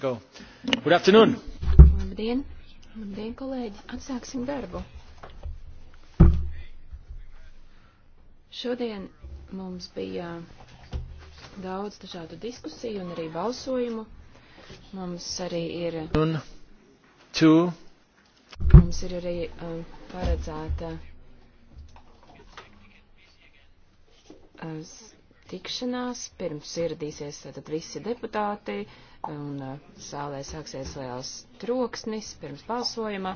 Go. Good afternoon. Labdien. Labdien, kolēģi. Atsāksim darbu. Šodien mums bija daudz dažādu diskusiju un arī balsojumu. Mums arī ir. Un two. Mums ir arī um, paredzēta. Uh, tikšanās, pirms ieradīsies tātad visi deputāti un uh, sālē sāksies liels troksnis pirms balsojuma.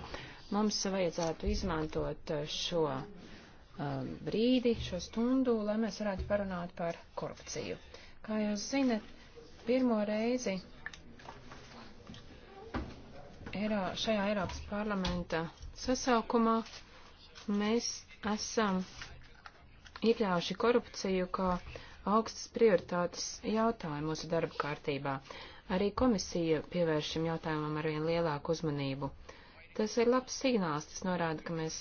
Mums vajadzētu izmantot uh, šo um, brīdi, šo stundu, lai mēs varētu parunāt par korupciju. Kā jūs zinat, pirmo reizi Eiro, šajā Eiropas parlamenta sasaukumā mēs esam iekļāvuši korupciju kā augstas prioritātes jautājumu mūsu darba kārtībā. Arī komisija pievērš šim jautājumam arvien lielāku uzmanību. Tas ir labs signāls, tas norāda, ka mēs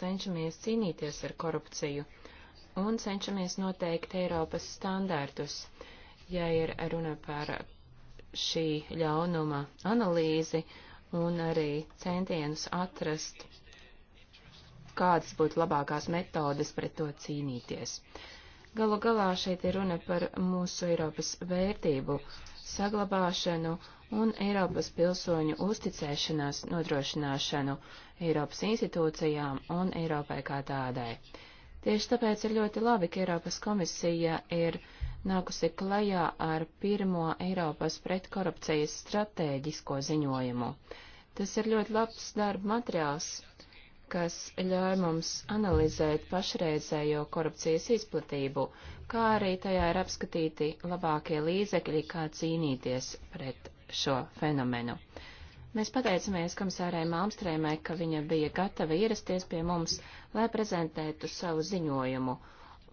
cenšamies cīnīties ar korupciju un cenšamies noteikt Eiropas standārtus. Ja ir runa par šī ļaunuma analīzi un arī centienus atrast, kādas būtu labākās metodes pret to cīnīties. Galu galā šeit ir runa par mūsu Eiropas vērtību saglabāšanu un Eiropas pilsoņu uzticēšanās nodrošināšanu Eiropas institūcijām un Eiropai kā tādai. Tieši tāpēc ir ļoti labi, ka Eiropas komisija ir nākusi klajā ar pirmo Eiropas pretkorupcijas stratēģisko ziņojumu. Tas ir ļoti labs darba materiāls, kas ļauj mums analizēt pašreizējo korupcijas izplatību, kā arī tajā ir apskatīti labākie līdzekļi, kā cīnīties pret šo fenomenu. Mēs pateicamies komisārai Malmstrēmai, ka viņa bija gatava ierasties pie mums, lai prezentētu savu ziņojumu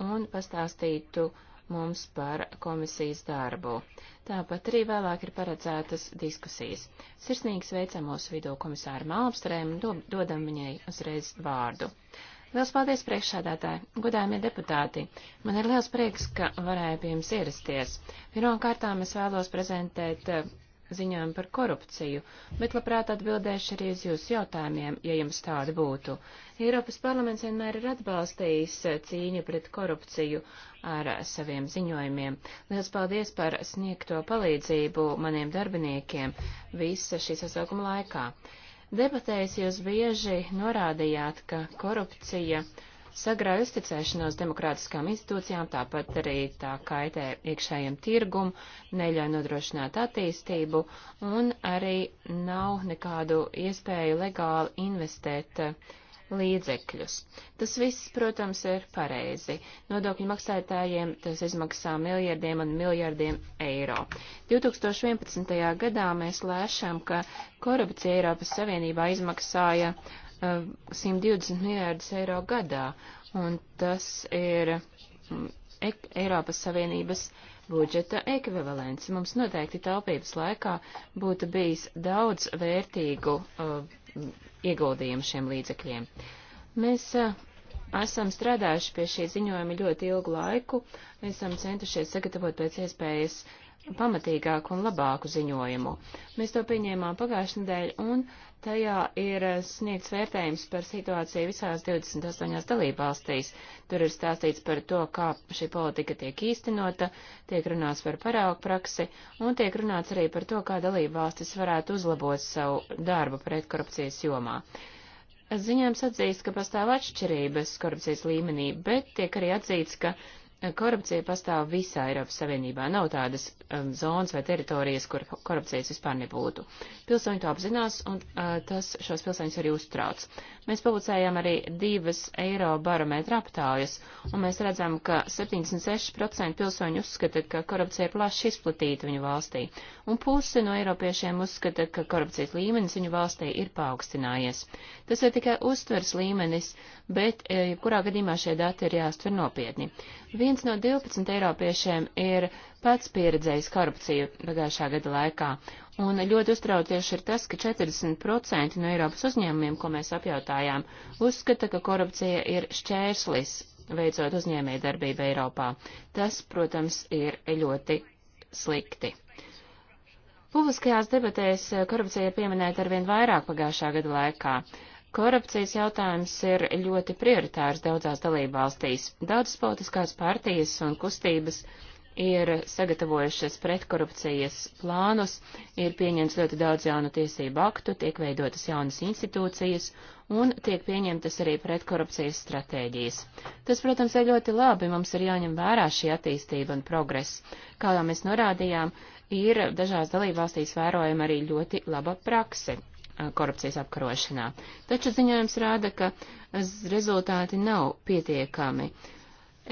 un pastāstītu uh, mums par komisijas darbu. Tāpat arī vēlāk ir paredzētas diskusijas. Sirsnīgi sveicam mūsu vidū komisāru Malmstrēmu un dodam viņai uzreiz vārdu. Liels paldies priekšsādātāji, godājumie deputāti. Man ir liels prieks, ka varēju pie jums ierasties. Pirmkārtām es vēlos prezentēt ziņām par korupciju, bet labprāt atbildēšu arī uz jūsu jautājumiem, ja jums tādi būtu. Eiropas parlaments vienmēr ir atbalstījis cīņu pret korupciju ar saviem ziņojumiem. Liels paldies par sniegto palīdzību maniem darbiniekiem visa šī sasaukuma laikā. Debatēs jūs bieži norādījāt, ka korupcija sagrāja uzticēšanos demokrātiskām institūcijām, tāpat arī tā kaitē iekšējiem tirgum, neļauj nodrošināt attīstību un arī nav nekādu iespēju legāli investēt uh, līdzekļus. Tas viss, protams, ir pareizi. Nodokļu maksātājiem tas izmaksā miljardiem un miljardiem eiro. 2011. gadā mēs lēšām, ka korupcija Eiropas Savienībā izmaksāja uh, 120 uh, miljārdus eiro gadā, un tas ir mm, ek Eiropas Savienības budžeta ekvivalents. Mums noteikti taupības laikā būtu bijis daudz vērtīgu uh, ieguldījumu šiem līdzekļiem. Mēs uh, esam strādājuši pie šī ziņojuma ļoti ilgu laiku, esam centušies sagatavot pēc iespējas pamatīgāku un labāku ziņojumu. Mēs to pieņēmām pagājušajā nedēļā, un tajā ir sniegts vērtējums par situāciju visās 28 dalībvalstīs. Tur ir stāstīts par to, kā šī politika tiek īstenota, tiek runāts par paraugu praksi, un tiek runāts arī par to, kā dalībvalstis varētu uzlabot savu darbu pret korupcijas jomā. Ziņojums atzīst, ka pastāv atšķirības korupcijas līmenī, bet tiek arī atzīts, ka Korupcija pastāv visā Eiropas Savienībā. Nav tādas um, zonas vai teritorijas, kur korupcijas vispār nebūtu. Pilsoņi to apzinās, un uh, tas šos pilsoņus arī uztrauc. Mēs publicējām arī divas eiro barometra aptaujas, un mēs redzam, ka 76% pilsoņu uzskata, ka korupcija ir plaši izplatīta viņu valstī, un pusi no eiropiešiem uzskata, ka korupcijas līmenis viņu valstī ir paaugstinājies. Tas ir tikai uztvers līmenis, bet eh, jebkurā gadījumā šie dati ir jāstver nopietni. Vien Neviens no 12 eiropiešiem ir pats pieredzējis korupciju pagājušā gada laikā, un ļoti uztraucieši ir tas, ka 40% no Eiropas uzņēmumiem, ko mēs apjautājām, uzskata, ka korupcija ir šķērslis veicot uzņēmēju darbību Eiropā. Tas, protams, ir ļoti slikti. Publiskajās debatēs eh, korupcija ir pieminēta arvien vairāk pagājušā gada laikā. Korupcijas jautājums ir ļoti prioritārs daudzās dalībvalstīs. Daudzas politiskās partijas un kustības ir sagatavojušas pretkorupcijas plānus, ir pieņemts ļoti daudz jaunu tiesību aktu, tiek veidotas jaunas institūcijas un tiek pieņemtas arī pretkorupcijas stratēģijas. Tas, protams, ir ļoti labi, mums ir jāņem vērā šī attīstība un progress. Kā jau mēs norādījām, ir dažās dalībvalstīs vērojama arī ļoti laba prakse Uh, korupcijas apkarošanā. Taču ziņojums rāda, ka rezultāti nav pietiekami.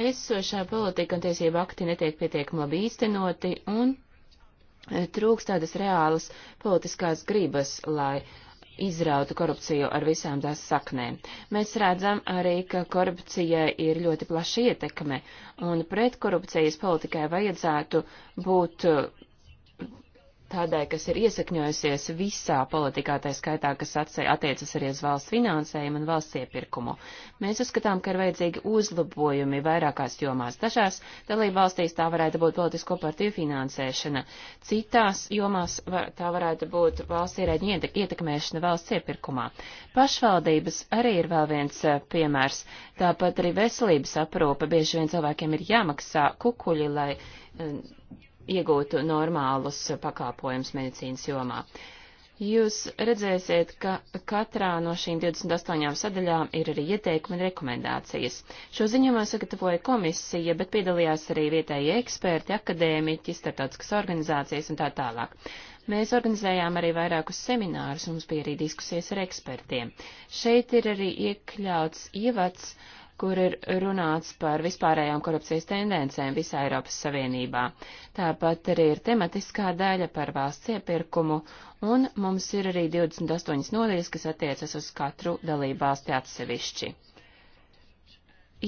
Esošā politika un tiesība akti netiek pietiekami labi īstenoti un e, trūks tādas reālas politiskās gribas, lai izrautu korupciju ar visām tās saknēm. Mēs redzam arī, ka korupcijai ir ļoti plaša ietekme, un pretkorupcijas politikai vajadzētu būt e, tādai, kas ir iesakņojusies visā politikā, tā skaitā, kas attiecas arī uz valsts finansējumu un valsts iepirkumu. Mēs uzskatām, ka ir vajadzīgi uzlabojumi vairākās jomās. Dažās dalību valstīs tā varētu būt politisko partiju finansēšana, citās jomās var, tā varētu būt valsts ierēģi ietekmēšana valsts iepirkumā. Pašvaldības arī ir vēl viens eh, piemērs, tāpat arī veselības aprūpe. Bieži vien cilvēkiem ir jāmaksā kukuļi, lai eh, iegūtu normālus pakāpojumus medicīnas jomā. Jūs redzēsiet, ka katrā no šīm 28 sadaļām ir arī ieteikumi un rekomendācijas. Šo ziņojumu sagatavoja komisija, bet piedalījās arī vietējie eksperti, akadēmiķi, starptautiskas organizācijas un tā tālāk. Mēs organizējām arī vairākus seminārus, mums bija arī diskusijas ar ekspertiem. Šeit ir arī iekļauts ievads uh, kur ir runāts par vispārējām korupcijas tendencēm visā Eiropas Savienībā. Tāpat arī ir tematiskā daļa par valsts iepirkumu, un mums ir arī 28 nodaļas, kas attiecas uz katru dalību valsti atsevišķi.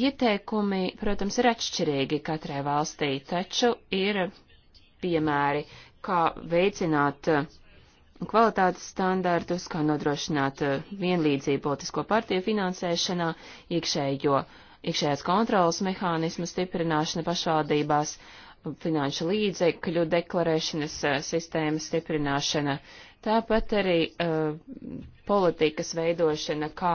Ieteikumi, protams, ir atšķirīgi katrai valstī, taču ir piemēri, kā veicināt uh, kvalitātes standartus, kā nodrošināt eh, vienlīdzību politisko partiju finansēšanā, iekšējo, iekšējās kontrolas mehānismu stiprināšana pašvaldībās, finanšu līdzekļu deklarēšanas eh, sistēmas stiprināšana, tāpat arī uh, politikas veidošana, kā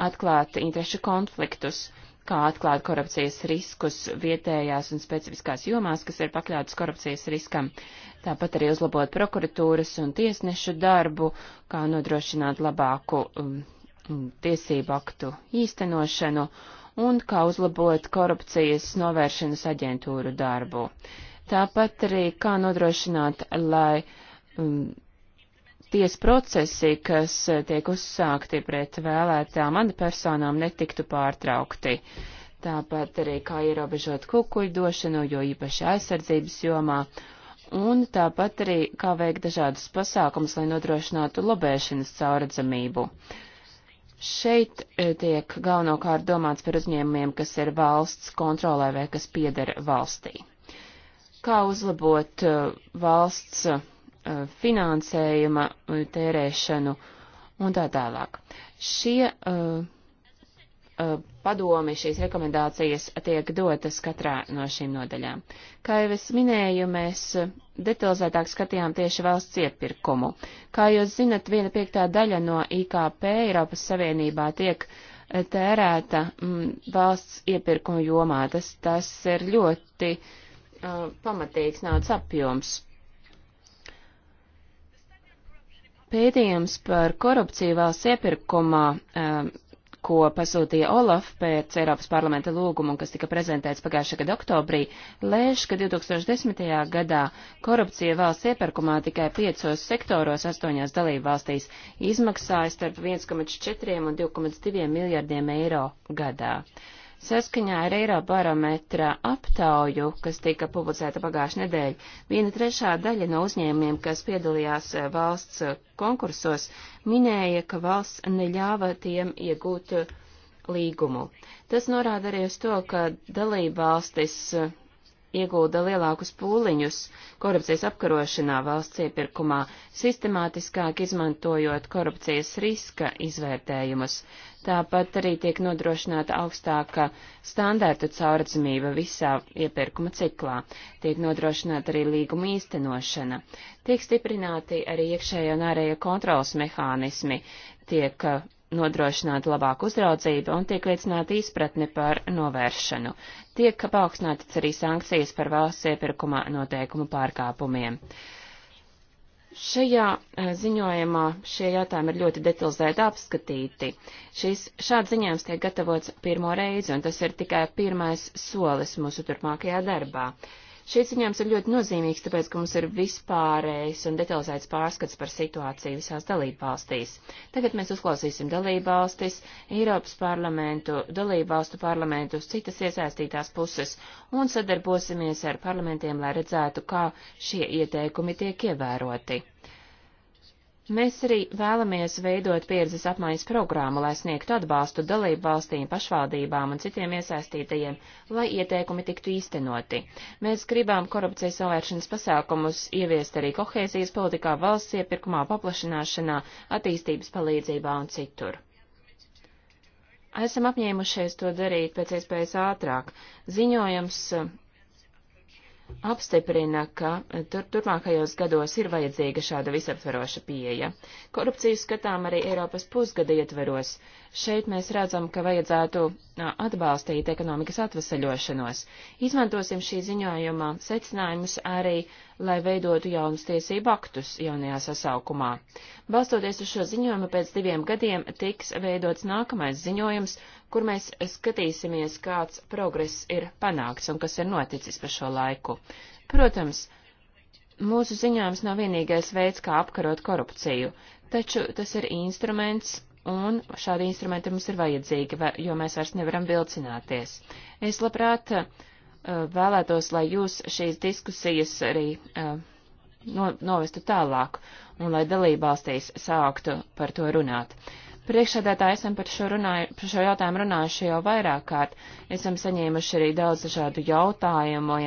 atklāt interešu konfliktus kā atklāt korupcijas riskus vietējās un specifiskās jomās, kas ir pakļautas korupcijas riskam, tāpat arī uzlabot prokuratūras un tiesnešu darbu, kā nodrošināt labāku um, mm, tiesību aktu īstenošanu un kā uzlabot korupcijas novēršanas aģentūru darbu. Tāpat arī kā nodrošināt, lai um, tiesa procesi, kas tiek uzsākti pret vēlētām amatpersonām, netiktu pārtraukti. Tāpat arī kā ierobežot kukuļdošanu, jo īpaši aizsardzības jomā, un tāpat arī kā veikt dažādus pasākumus, lai nodrošinātu lobēšanas cauradzamību. Šeit e, tiek galvenokārt domāts par uzņēmumiem, kas ir valsts kontrolē vai kas pieder valstī. Kā uzlabot e, valsts Eh, finansējuma eh, tērēšanu un tā tālāk. Šie uh, padomi, šīs rekomendācijas tiek dotas katrā no šīm nodaļām. Kā jau es minēju, mēs detalizētāk skatījām tieši valsts iepirkumu. Kā jūs zinat, viena piektā daļa no IKP Eiropas Savienībā tiek tērēta m, mm, valsts iepirkuma jomā. Tas, tas ir ļoti uh, pamatīgs naudas apjoms. Pētījums par korupciju valsts iepirkumā, um, ko pasūtīja Olaf pēc Eiropas parlamenta lūguma un kas tika prezentēts pagājušā gada oktobrī, lēš, ka 2010. gadā korupcija valsts iepirkumā tikai piecos sektoros astoņās dalību valstīs izmaksāja starp 1,4 un 2,2 miljardiem eiro gadā. Uh, Saskaņā ar Eirobarometra aptauju, kas tika publicēta pagājušajā nedēļā, viena trešā daļa no uzņēmumiem, kas piedalījās eh, valsts eh, konkursos, minēja, ka valsts neļāva tiem iegūt eh, līgumu. Tas norāda arī uz to, ka dalībvalstis iegulda lielākus pūliņus korupcijas apkarošanā valsts iepirkumā, sistemātiskāk izmantojot korupcijas riska izvērtējumus. Tāpat arī tiek nodrošināta augstāka standārtu caurdzamība visā iepirkuma ciklā, tiek nodrošināta arī līguma īstenošana, tiek stiprināti arī iekšējā un ārējā kontrolas mehānismi, tiek nodrošināta labāka uzraudzība un tiek veicināta izpratne par novēršanu. Tiek paaugstinātas arī sankcijas par valsts iepirkuma noteikumu pārkāpumiem. Šajā e, ziņojumā šie jautājumi ir ļoti detalizēti apskatīti. Šis šāds ziņojums tiek gatavots pirmo reizi, un tas ir tikai pirmais solis mūsu turpmākajā darbā. Šīs ziņojums ir ļoti nozīmīgs, tāpēc, ka mums ir vispārējs un detalizēts pārskats par situāciju visās dalībvalstīs. Tagad mēs uzklausīsim dalībvalstis, Eiropas parlamentu, dalībvalstu parlamentus, citas iesaistītās puses un sadarbosimies ar parlamentiem, lai redzētu, kā šie ieteikumi tiek ievēroti. Mēs arī vēlamies veidot pieredzes apmaiņas programmu, lai sniegtu atbalstu dalību valstīm, pašvaldībām un citiem iesaistītajiem, lai ieteikumi tiktu īstenoti. Mēs gribam korupcijas novēršanas pasākumus ieviest arī kohēzijas politikā, valsts iepirkumā, paplašināšanā, attīstības palīdzībā un citur. Esam apņēmušies to darīt pēc iespējas ātrāk. Ziņojums apstiprina, ka eh, tur, turpmākajos gados ir vajadzīga šāda visaptveroša pieeja. Korupciju skatām arī Eiropas pusgada ietveros. Šeit mēs redzam, ka vajadzētu atbalstīt ekonomikas atvesaļošanos. Izmantosim šī ziņojuma secinājumus arī lai veidotu jaunus tiesību aktus jaunajā sasaukumā. Balstoties uz šo ziņojumu, pēc diviem gadiem tiks veidots nākamais ziņojums, kur mēs skatīsimies, kāds progress ir panākts un kas ir noticis pa šo laiku. Protams, mūsu ziņojums nav vienīgais veids, kā apkarot korupciju, taču tas ir instruments, un šādi instrumenti mums ir vajadzīgi, jo mēs vairs nevaram vilcināties. Es labprāt Eh, vēlētos, lai jūs šīs diskusijas arī eh, no, novestu tālāk un lai dalībvalstīs sāktu par to runāt. Priekšsēdētāji esam par šo, runāju, par šo jautājumu runājuši jau vairāk kārt. Esam saņēmuši arī daudz dažādu jautājumu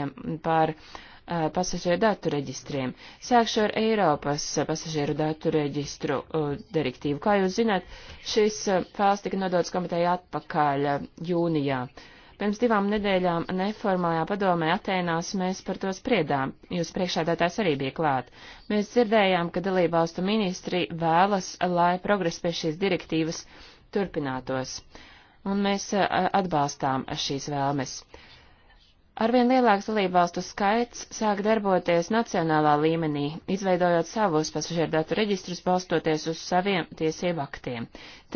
par uh, pasažieru datu reģistriem. Sākšu ar Eiropas pasažieru datu reģistru uh, direktīvu. Kā jūs zināt, šis uh, fēls tika nodots komiteja atpakaļ jūnijā. Uh, Pirms divām nedēļām neformālajā padomē Atēnās mēs par to spriedām. Jūs priekšādātājs arī bija klāt. Mēs dzirdējām, ka dalībvalstu ministri vēlas, lai progress pie šīs direktīvas turpinātos. Un mēs atbalstām šīs vēlmes. Arvien lielāks dalībvalstu skaits sāk darboties nacionālā līmenī, izveidojot savus pasažieru datu reģistrus, balstoties uz saviem tiesību aktiem.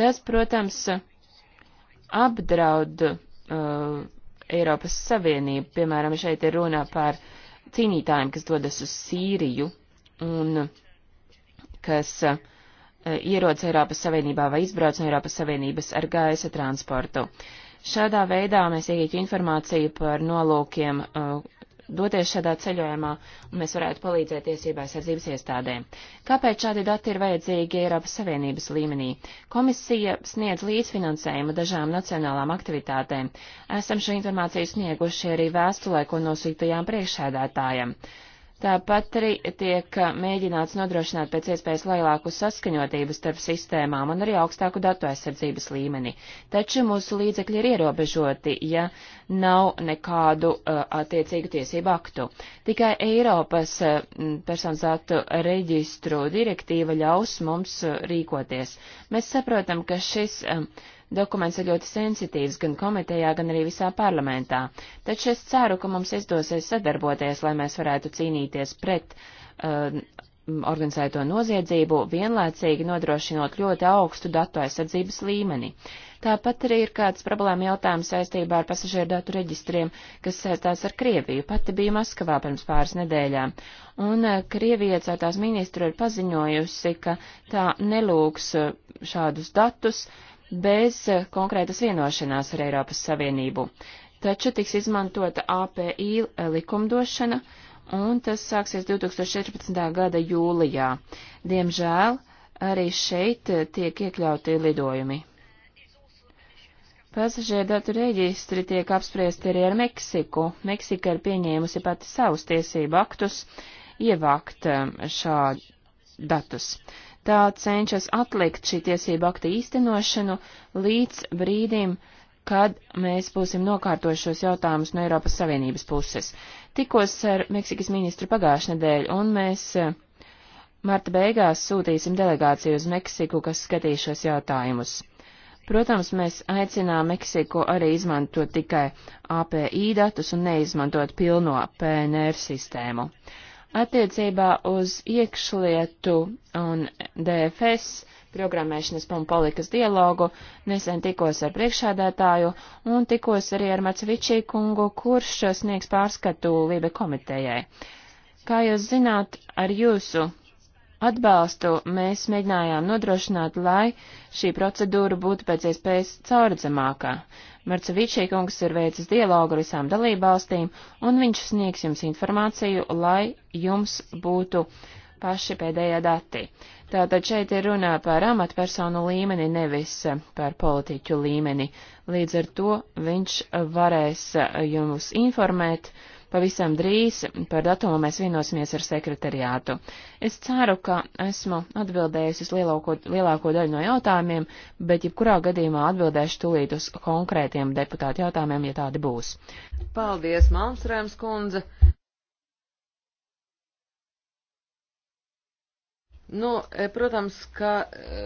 Tas, protams, apdraud uh, Eiropas Savienību. Piemēram, šeit ir runā par cīnītājiem, kas dodas uz Sīriju un kas uh, ierodas Eiropas Savienībā vai izbrauc no Eiropas Savienības ar gaisa transportu. Šādā veidā mēs iegūtu informāciju par nolūkiem, uh, doties šādā ceļojumā, un mēs varētu palīdzēt tiesībās aizības iestādēm. Kāpēc šādi dati ir vajadzīgi Eiropas Savienības līmenī? Komisija sniedz līdzfinansējumu dažām nacionālām aktivitātēm. Esam šo informāciju snieguši arī vēstulē, ko nosūtījām priekšsēdētājam. Tāpat arī tiek uh, mēģināts nodrošināt pēc iespējas lielāku saskaņotību starp sistēmām un arī augstāku datu aizsardzības līmeni. Taču mūsu līdzekļi ir ierobežoti, ja nav nekādu uh, attiecīgu tiesību aktu. Tikai Eiropas uh, personas datu reģistru direktīva ļaus mums uh, rīkoties. Mēs saprotam, ka šis. Uh, dokuments ir ļoti sensitīvs gan komitejā, gan arī visā parlamentā. Taču es ceru, ka mums izdosies sadarboties, lai mēs varētu cīnīties pret uh, organizēto noziedzību, vienlaicīgi nodrošinot ļoti augstu datu aizsardzības līmeni. Tāpat arī ir kāds problēma jautājums saistībā ar pasažieru datu reģistriem, kas saistās ar Krieviju. Pati biju Maskavā pirms pāris nedēļām, un eh, Krievija iecētās ministru ir paziņojusi, ka tā nelūgs eh, šādus datus bez eh, konkrētas vienošanās ar Eiropas Savienību. Taču tiks izmantota API eh, likumdošana, un tas sāksies 2014. gada jūlijā. Diemžēl arī šeit eh, tiek iekļauti lidojumi. Pasažieru datu reģistri tiek apspriesti arī ar Meksiku. Meksika ir pieņēmusi pati savus tiesību aktus ievākt šādu datus tā cenšas atlikt šī tiesība akta īstenošanu līdz brīdim, kad mēs būsim nokārtojušos jautājumus no Eiropas Savienības puses. Tikos ar Meksikas ministru pagājušajā nedēļā, un mēs eh, marta beigās sūtīsim delegāciju uz Meksiku, kas skatīs šos jautājumus. Protams, mēs aicinām Meksiku arī izmantot tikai API datus un neizmantot pilno PNR sistēmu. Uh, Attiecībā uz iekšlietu un DFS programmēšanas un politikas dialogu nesen tikos ar priekšādātāju un tikos arī ar Macevičī kungu, kurš sniegs pārskatu Lībe komitejai. Kā jūs zināt, ar jūsu atbalstu mēs mēģinājām nodrošināt, lai šī procedūra būtu pēc iespējas caurdzamākā. Marcevičī kungs ir veicis dialogu ar visām dalībvalstīm, un viņš sniegs jums informāciju, lai jums būtu paši pēdējā dati. Tātad šeit ir runā par amatpersonu līmeni, nevis par politiķu līmeni. Līdz ar to viņš varēs jums informēt, uh, Pavisam drīz par datumu mēs vienosimies ar sekretariātu. Es ceru, ka esmu atbildējusi uz lielāko, lielāko daļu no jautājumiem, bet jebkurā gadījumā atbildēšu tulīt uz konkrētiem deputātu jautājumiem, ja tādi būs. Paldies, Malmstrēms kundze! Nu, e, protams, ka e,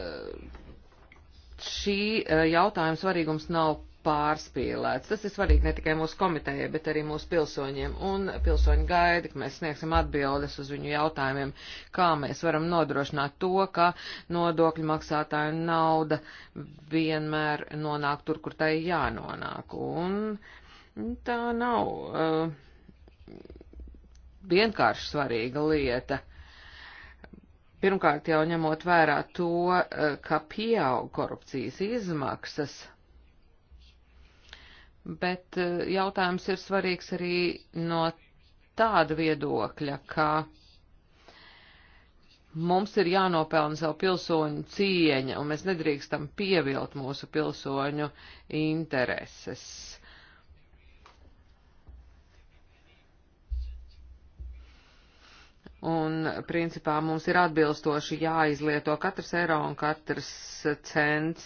šī e, jautājuma svarīgums nav pārspīlēts. Tas ir svarīgi ne tikai mūsu komitejai, bet arī mūsu pilsoņiem. Un pilsoņi gaida, ka mēs sniegsim atbildes uz viņu jautājumiem, kā mēs varam nodrošināt to, ka nodokļu maksātāju nauda vienmēr nonāk tur, kur tai jānonāk. Un tā nav uh, vienkārši svarīga lieta. Pirmkārt jau ņemot vērā to, uh, ka pieaug korupcijas izmaksas bet eh, jautājums ir svarīgs arī no tāda viedokļa, ka mums ir jānopelna savu pilsoņu cieņa, un mēs nedrīkstam pievilt mūsu pilsoņu intereses. Un, principā, mums ir atbilstoši jāizlieto katrs eiro un katrs cents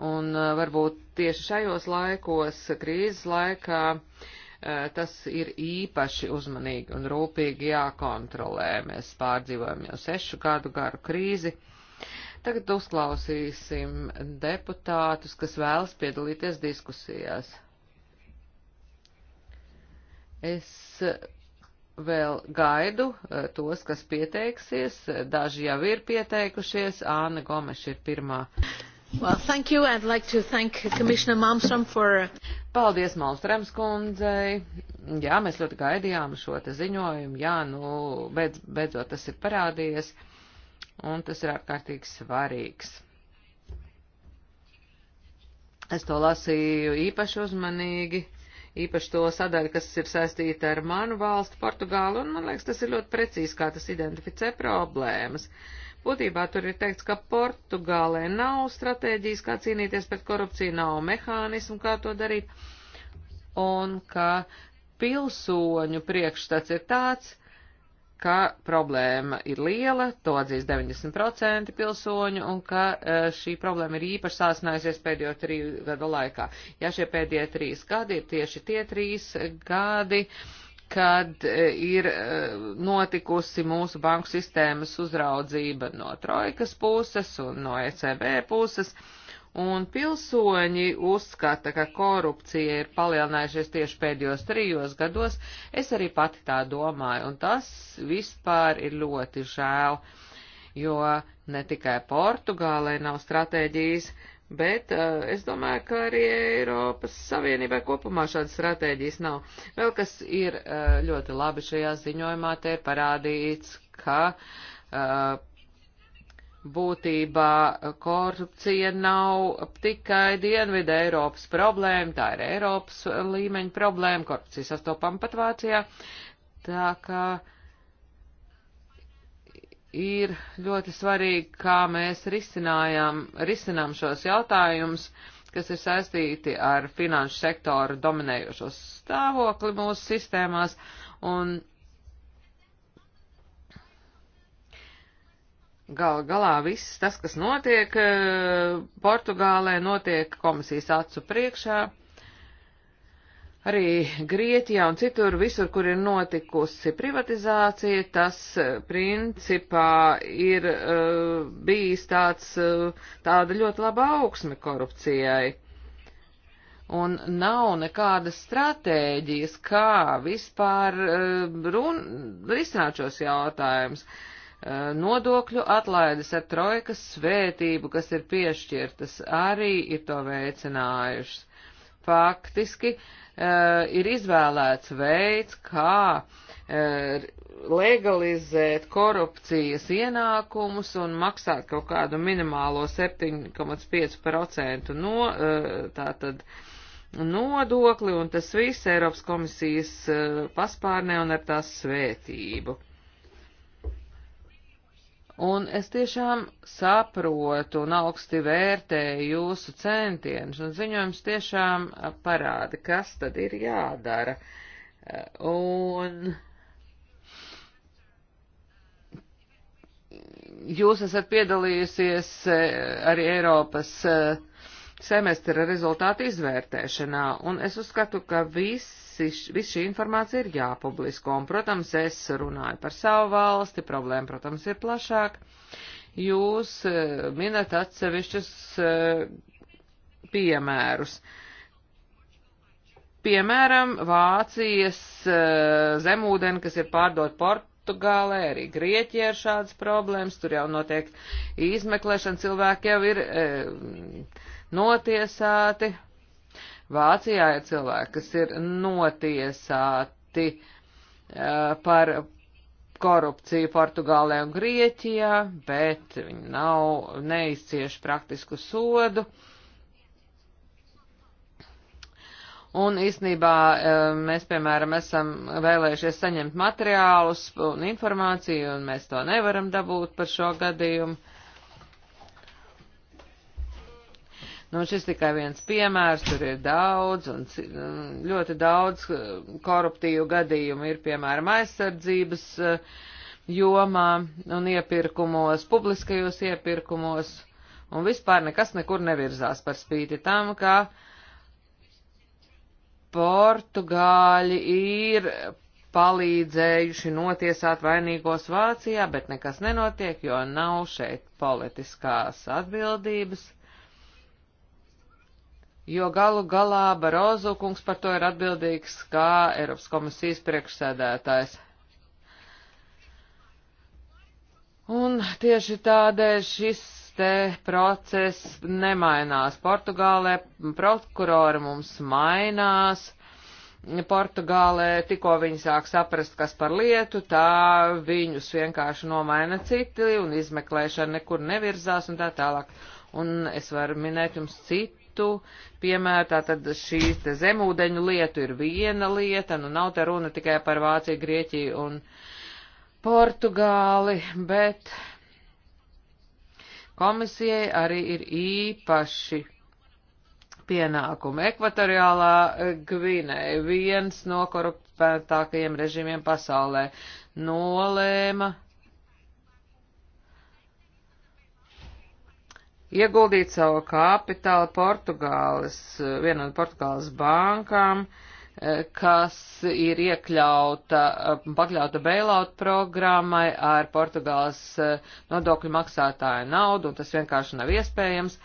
Un uh, varbūt tieši šajos laikos, krīzes laikā, uh, tas ir īpaši uzmanīgi un rūpīgi jākontrolē. Mēs pārdzīvojam jau sešu gadu garu krīzi. Tagad uzklausīsim deputātus, kas vēlas piedalīties diskusijās. Es vēl gaidu uh, tos, kas pieteiksies. Daži jau ir pieteikušies. Āna Gomeša ir pirmā. Well, thank you. I'd like to thank Commissioner Malmström for... Uh, Paldies Malmströms kundzei. Jā, mēs ļoti gaidījām šo te ziņojumu. Jā, nu, beidz, beidzot tas ir parādījies. Un tas ir ārkārtīgi svarīgs. Es to lasīju īpaši uzmanīgi, īpaši to sadaļu, kas ir saistīta ar manu valstu, Portugālu, un man liekas, tas ir ļoti precīzi, kā tas identificē problēmas. Uh, Būtībā tur ir teikts, ka Portugālē nav stratēģijas, kā cīnīties pret korupciju, nav mehānismu, kā to darīt, un ka pilsoņu priekšstats ir tāds, ka problēma ir liela, to atzīs 90% pilsoņu, un ka e, šī problēma ir īpaši sāsinājusies pēdējo triju gadu laikā. Ja šie pēdējie trīs gadi ir tieši tie trīs gadi, uh, kad e, ir e, notikusi mūsu banku sistēmas uzraudzība no trojkas puses un no ECB puses, un pilsoņi uzskata, ka korupcija ir palielinājušies tieši pēdējos trijos gados, es arī pati tā domāju, un tas vispār ir ļoti žēl, jo ne tikai Portugālei nav stratēģijas, uh, Bet uh, es domāju, ka arī Eiropas Savienībai kopumā šādas stratēģijas nav. Vēl kas ir uh, ļoti labi šajā ziņojumā, te ir parādīts, ka uh, būtībā korupcija nav tikai Dienvidē Eiropas problēma, tā ir Eiropas līmeņa problēma, korupcija sastopama pat Vācijā. Tā kā uh, ir ļoti svarīgi, kā mēs risinājām, risinām šos jautājumus, kas ir saistīti ar finanšu sektoru dominējošo stāvokli mūsu sistēmās. Un gal galā viss tas, kas notiek eh, Portugālē, notiek komisijas acu priekšā arī Grieķijā un citur, visur, kur ir notikusi privatizācija, tas eh, principā ir uh, bijis tāds, uh, tāda ļoti laba augsme korupcijai. Un nav nekādas stratēģijas, kā vispār uh, run, risināt šos jautājumus. Uh, nodokļu atlaides ar trojkas svētību, kas ir piešķirtas, arī ir to veicinājušas. Faktiski uh, Eh, ir izvēlēts veids, kā eh, legalizēt korupcijas ienākumus un maksāt kaut kādu minimālo 7,5% no eh, tātad nodokli, un tas viss Eiropas komisijas paspārnē un ar tās svētību. Un es tiešām saprotu un augsti vērtēju jūsu centienus, un ziņojums tiešām parāda, kas tad ir jādara. Un jūs esat piedalījusies e, arī Eiropas uh, semestra rezultātu izvērtēšanā, un es uzskatu, ka visi, viss šī informācija ir jāpublisko, un, protams, es runāju par savu valsti, problēma, protams, ir plašāka. Jūs e, minat atsevišķus e, piemērus. Piemēram, Vācijas e, zemūdeni, kas ir pārdot port, Portugālē, arī Grieķijā ir šādas problēmas, tur jau notiek izmeklēšana, cilvēki jau ir e, notiesāti. Vācijā ir cilvēki, kas ir notiesāti uh, par korupciju Portugālē un Grieķijā, bet viņi nav neizcieš praktisku sodu. Un īsnībā mēs, piemēram, esam vēlējušies saņemt materiālus un informāciju, un mēs to nevaram dabūt par šo gadījumu. Nu, šis tikai viens piemērs, tur ir daudz un ļoti daudz uh, koruptīvu gadījumu ir, piemēram, aizsardzības uh, jomā un iepirkumos, publiskajos iepirkumos, un vispār nekas nekur nevirzās par spīti tam, ka Portugāļi ir palīdzējuši notiesāt vainīgos Vācijā, bet nekas nenotiek, jo nav šeit politiskās atbildības jo galu galā Barozo kungs par to ir atbildīgs kā Eiropas komisijas priekšsēdētājs. Un tieši tādēļ šis te process nemainās. Portugālē prokurori mums mainās. Portugālē tikko viņi sāk saprast, kas par lietu, tā viņus vienkārši nomaina citi un izmeklēšana nekur nevirzās un tā tālāk. Un es varu minēt jums citu lietu, piemēram, tātad šīs te zemūdeņu lietu ir viena lieta, nu nav te runa tikai par Vāciju, Grieķiju un Portugāli, bet komisijai arī ir īpaši pienākumu. Ekvatoriālā eh, Gvinēja, viens no korupētākajiem režīmiem pasaulē, nolēma ieguldīt savu kapitālu Portugāles, eh, vienā no Portugāles bankām, eh, kas ir iekļauta, eh, pakļauta bailout programmai ar Portugāles nodokļu maksātāju naudu, un tas vienkārši nav iespējams.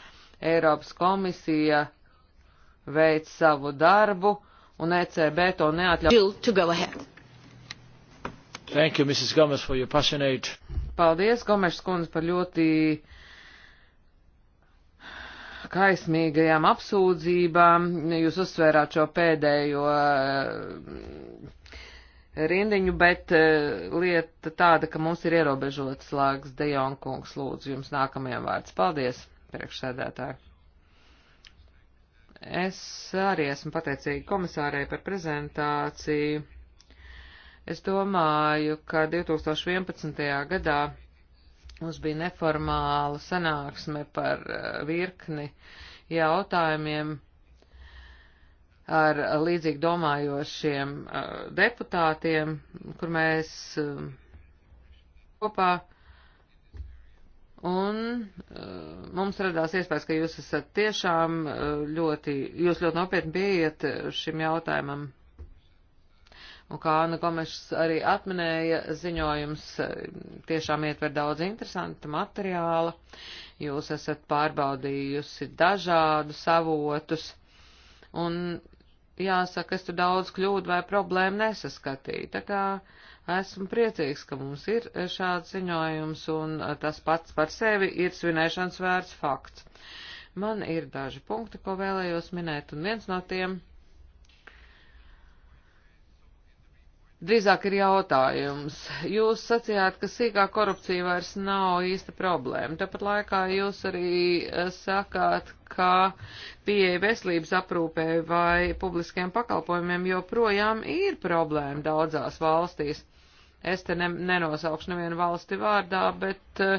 Eiropas komisija veic savu darbu, un ECB to neatļauj. Thank you, Mrs. Gomez, for your passionate. Paldies, Gomes kundze, par ļoti uh, kaismīgajām apsūdzībām. Jūs uzsvērāt šo pēdējo eh, rindiņu, bet eh, lieta tāda, ka mums ir ierobežots slēgs Dejonkungs. Lūdzu, jums nākamajam vārds. Paldies, priekšsēdētāji. Es arī esmu pateicīga komisārai par prezentāciju. Es domāju, ka 2011. gadā Mums bija neformāla sanāksme par eh, virkni jautājumiem ar līdzīgi domājošiem eh, deputātiem, kur mēs eh, kopā un mums radās iespējas, ka jūs esat tiešām ļoti, jūs ļoti nopietni pieiet šim jautājumam. Un kā Anna Gomešs arī atminēja, ziņojums eh, tiešām ietver daudz interesanta materiāla. Jūs esat pārbaudījusi dažādu savotus. Un jāsaka, es tur daudz kļūdu vai problēmu nesaskatīju. Tā kā esmu priecīgs, ka mums ir eh, šāds ziņojums, un eh, tas pats par sevi ir svinēšanas vērts fakts. Man ir daži punkti, ko vēlējos minēt, un viens no tiem Drīzāk ir jautājums. Jūs sacījāt, ka sīkā korupcija vairs nav īsta problēma. Tāpat laikā jūs arī eh, sakāt, ka pieeja veselības aprūpē vai publiskiem pakalpojumiem joprojām ir problēma daudzās valstīs. Es te ne, nenosaukšu nevienu valsti vārdā, bet uh,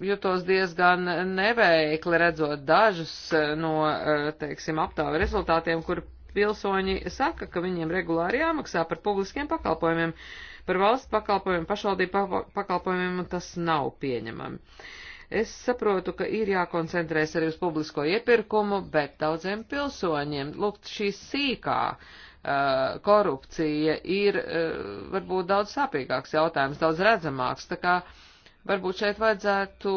jutos diezgan neveikli redzot dažus eh, no, teiksim, aptāvi rezultātiem, kur pilsoņi saka, ka viņiem regulāri jāmaksā par publiskiem pakalpojumiem, par valsts pakalpojumiem, pašvaldību pakalpojumiem, un tas nav pieņemami. Es saprotu, ka ir jākoncentrēs arī uz publisko iepirkumu, bet daudziem pilsoņiem, lūk, šī sīkā uh, korupcija ir uh, varbūt daudz sāpīgāks jautājums, daudz redzamāks, tā kā varbūt šeit vajadzētu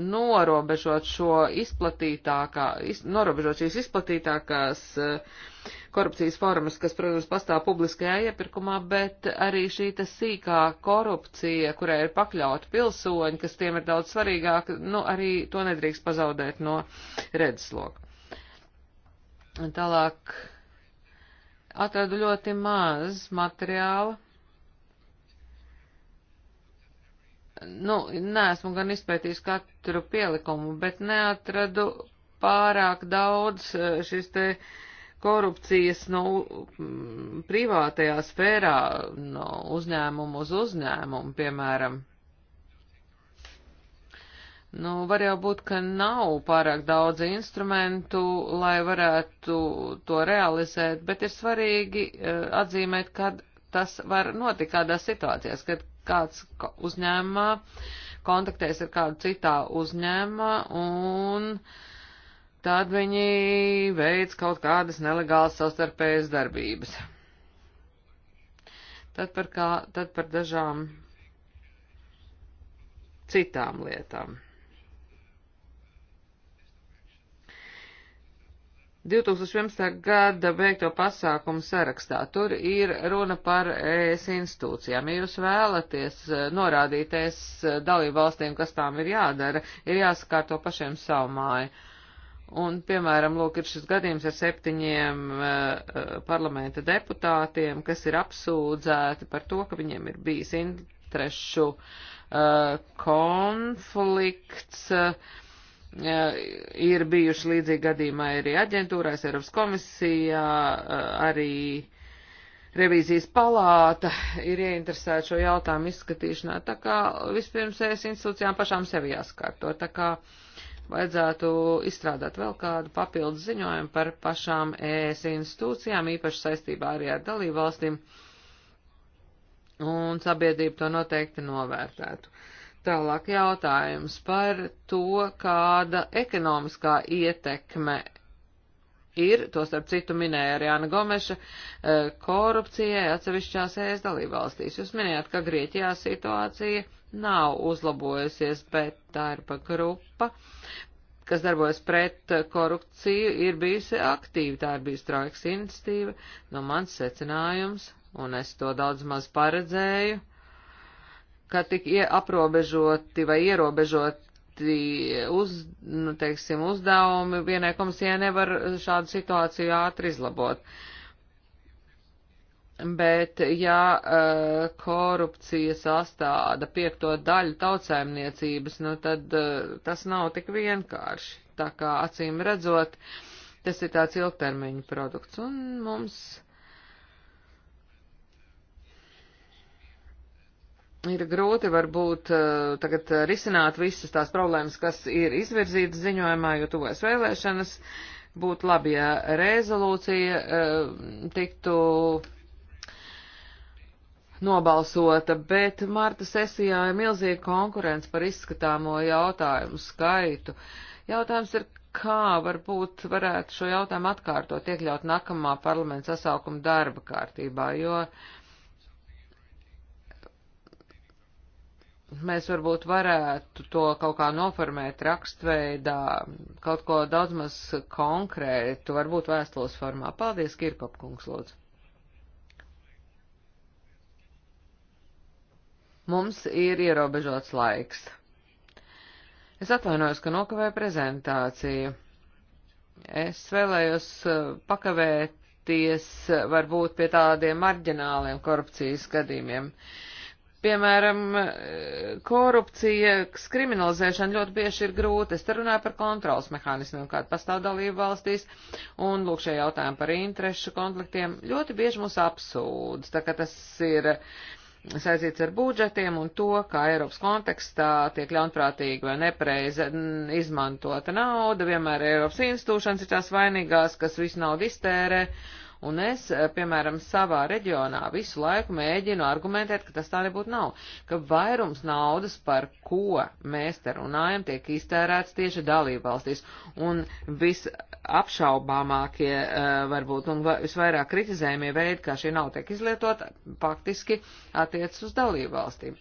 norobežot šo izplatītākā, iz, norobežot šīs izplatītākās eh, korupcijas formas, kas, protams, pastāv publiskajā iepirkumā, bet arī šī ta sīkā korupcija, kurai ir pakļauta pilsoņi, kas tiem ir daudz svarīgāk, nu, arī to nedrīkst pazaudēt no redzesloka. Tālāk atradu ļoti maz materiāla Nu, neesmu gan izpētījis katru pielikumu, bet neatradu pārāk daudz e, šis te korupcijas no privātajā sfērā, no uzņēmumu uz uzņēmumu, piemēram. Nu, var jau būt, ka nav pārāk daudz instrumentu, lai varētu to realizēt, bet ir svarīgi e, atzīmēt, kad tas var notikt kādās situācijās, kad kāds uzņēmumā kontaktēs ar kādu citā uzņēmumā un tad viņi veids kaut kādas nelegālas savstarpējas darbības. Tad par, kā, tad par dažām citām lietām. 2011. gada beigto pasākumu sarakstā. Tur ir runa par ES institūcijām. Ja jūs vēlaties e, norādīt ES e, dalību valstīm, kas tām ir jādara, ir jāsakārto pašiem savu māju. Un, piemēram, lūk, ir šis gadījums ar septiņiem uh, parlamenta deputātiem, kas ir apsūdzēti par to, ka viņiem ir bijis interešu uh, konflikts. Uh, ir bijuši līdzīgi gadījumā arī aģentūrās, Eiropas komisijā, arī revīzijas palāta ir ieinteresēta šo jautājumu izskatīšanā. Tā kā vispirms es institūcijām pašām sevi jāskārto. Tā kā vajadzētu izstrādāt vēl kādu papildus ziņojumu par pašām ES institūcijām, īpaši saistībā arī ar dalībvalstīm, un sabiedrība to noteikti novērtētu. Uh, Tālāk jautājums par to, kāda ekonomiskā ietekme ir, to starp citu minēja arī Ana Gomeša, eh, korupcijai atsevišķās ES dalībvalstīs. Jūs minējāt, ka Grieķijā situācija nav uzlabojusies, bet darba grupa, kas darbojas pret korupciju, ir bijusi aktīva, tā ir bijusi trojkas iniciatīva, no nu, mans secinājums, un es to daudz maz paredzēju ka tik aprobežoti vai ierobežoti uz, nu, teiksim, uzdevumi vienai komisijai nevar šādu situāciju ātri izlabot. Bet, ja eh, korupcija sastāda piekto daļu tautsēmniecības, nu tad eh, tas nav tik vienkārši. Tā kā acīm redzot, tas ir tāds ilgtermiņa produkts, un mums ir grūti varbūt eh, tagad eh, risināt visas tās problēmas, kas ir izvirzītas ziņojumā, jo tuvojas vēlēšanas. Būtu labi, ja rezolūcija eh, tiktu nobalsota, bet marta sesijā ir milzīga konkurence par izskatāmo jautājumu skaitu. Jautājums ir, kā varbūt varētu šo jautājumu atkārtot, iekļaut nākamā parlamenta sasaukuma darba kārtībā, jo uh, mēs varbūt varētu to kaut kā noformēt rakstveidā, kaut ko daudz maz konkrētu, varbūt vēstules formā. Paldies, Kirkop kungs, lūdzu. Mums ir ierobežots laiks. Es atvainojos, ka nokavēju prezentāciju. Es vēlējos uh, pakavēties uh, varbūt pie tādiem marģināliem korupcijas gadījumiem. Uh, Piemēram, korupcijas kriminalizēšana ļoti bieži ir grūta. Es te runāju par kontrols mehānismiem, kāda pastāv dalību valstīs, un lūk šie jautājumi par interešu konfliktiem ļoti bieži mūs apsūdz, tā kā tas ir saistīts ar budžetiem un to, kā Eiropas kontekstā tiek ļaunprātīgi vai nepareizi izmantota nauda, vienmēr Eiropas institūšanas ir tās vainīgās, kas visu naudu iztērē. Uh, Un es, eh, piemēram, savā reģionā visu laiku mēģinu argumentēt, ka tas tā nebūtu nav, ka vairums naudas, par ko mēs te runājam, tiek iztērēts tieši dalībvalstīs. Un visapšaubāmākie, eh, varbūt, un visvairāk kritizējumie veidi, kā šī nauda tiek izlietota, faktiski attiec uz dalībvalstīm.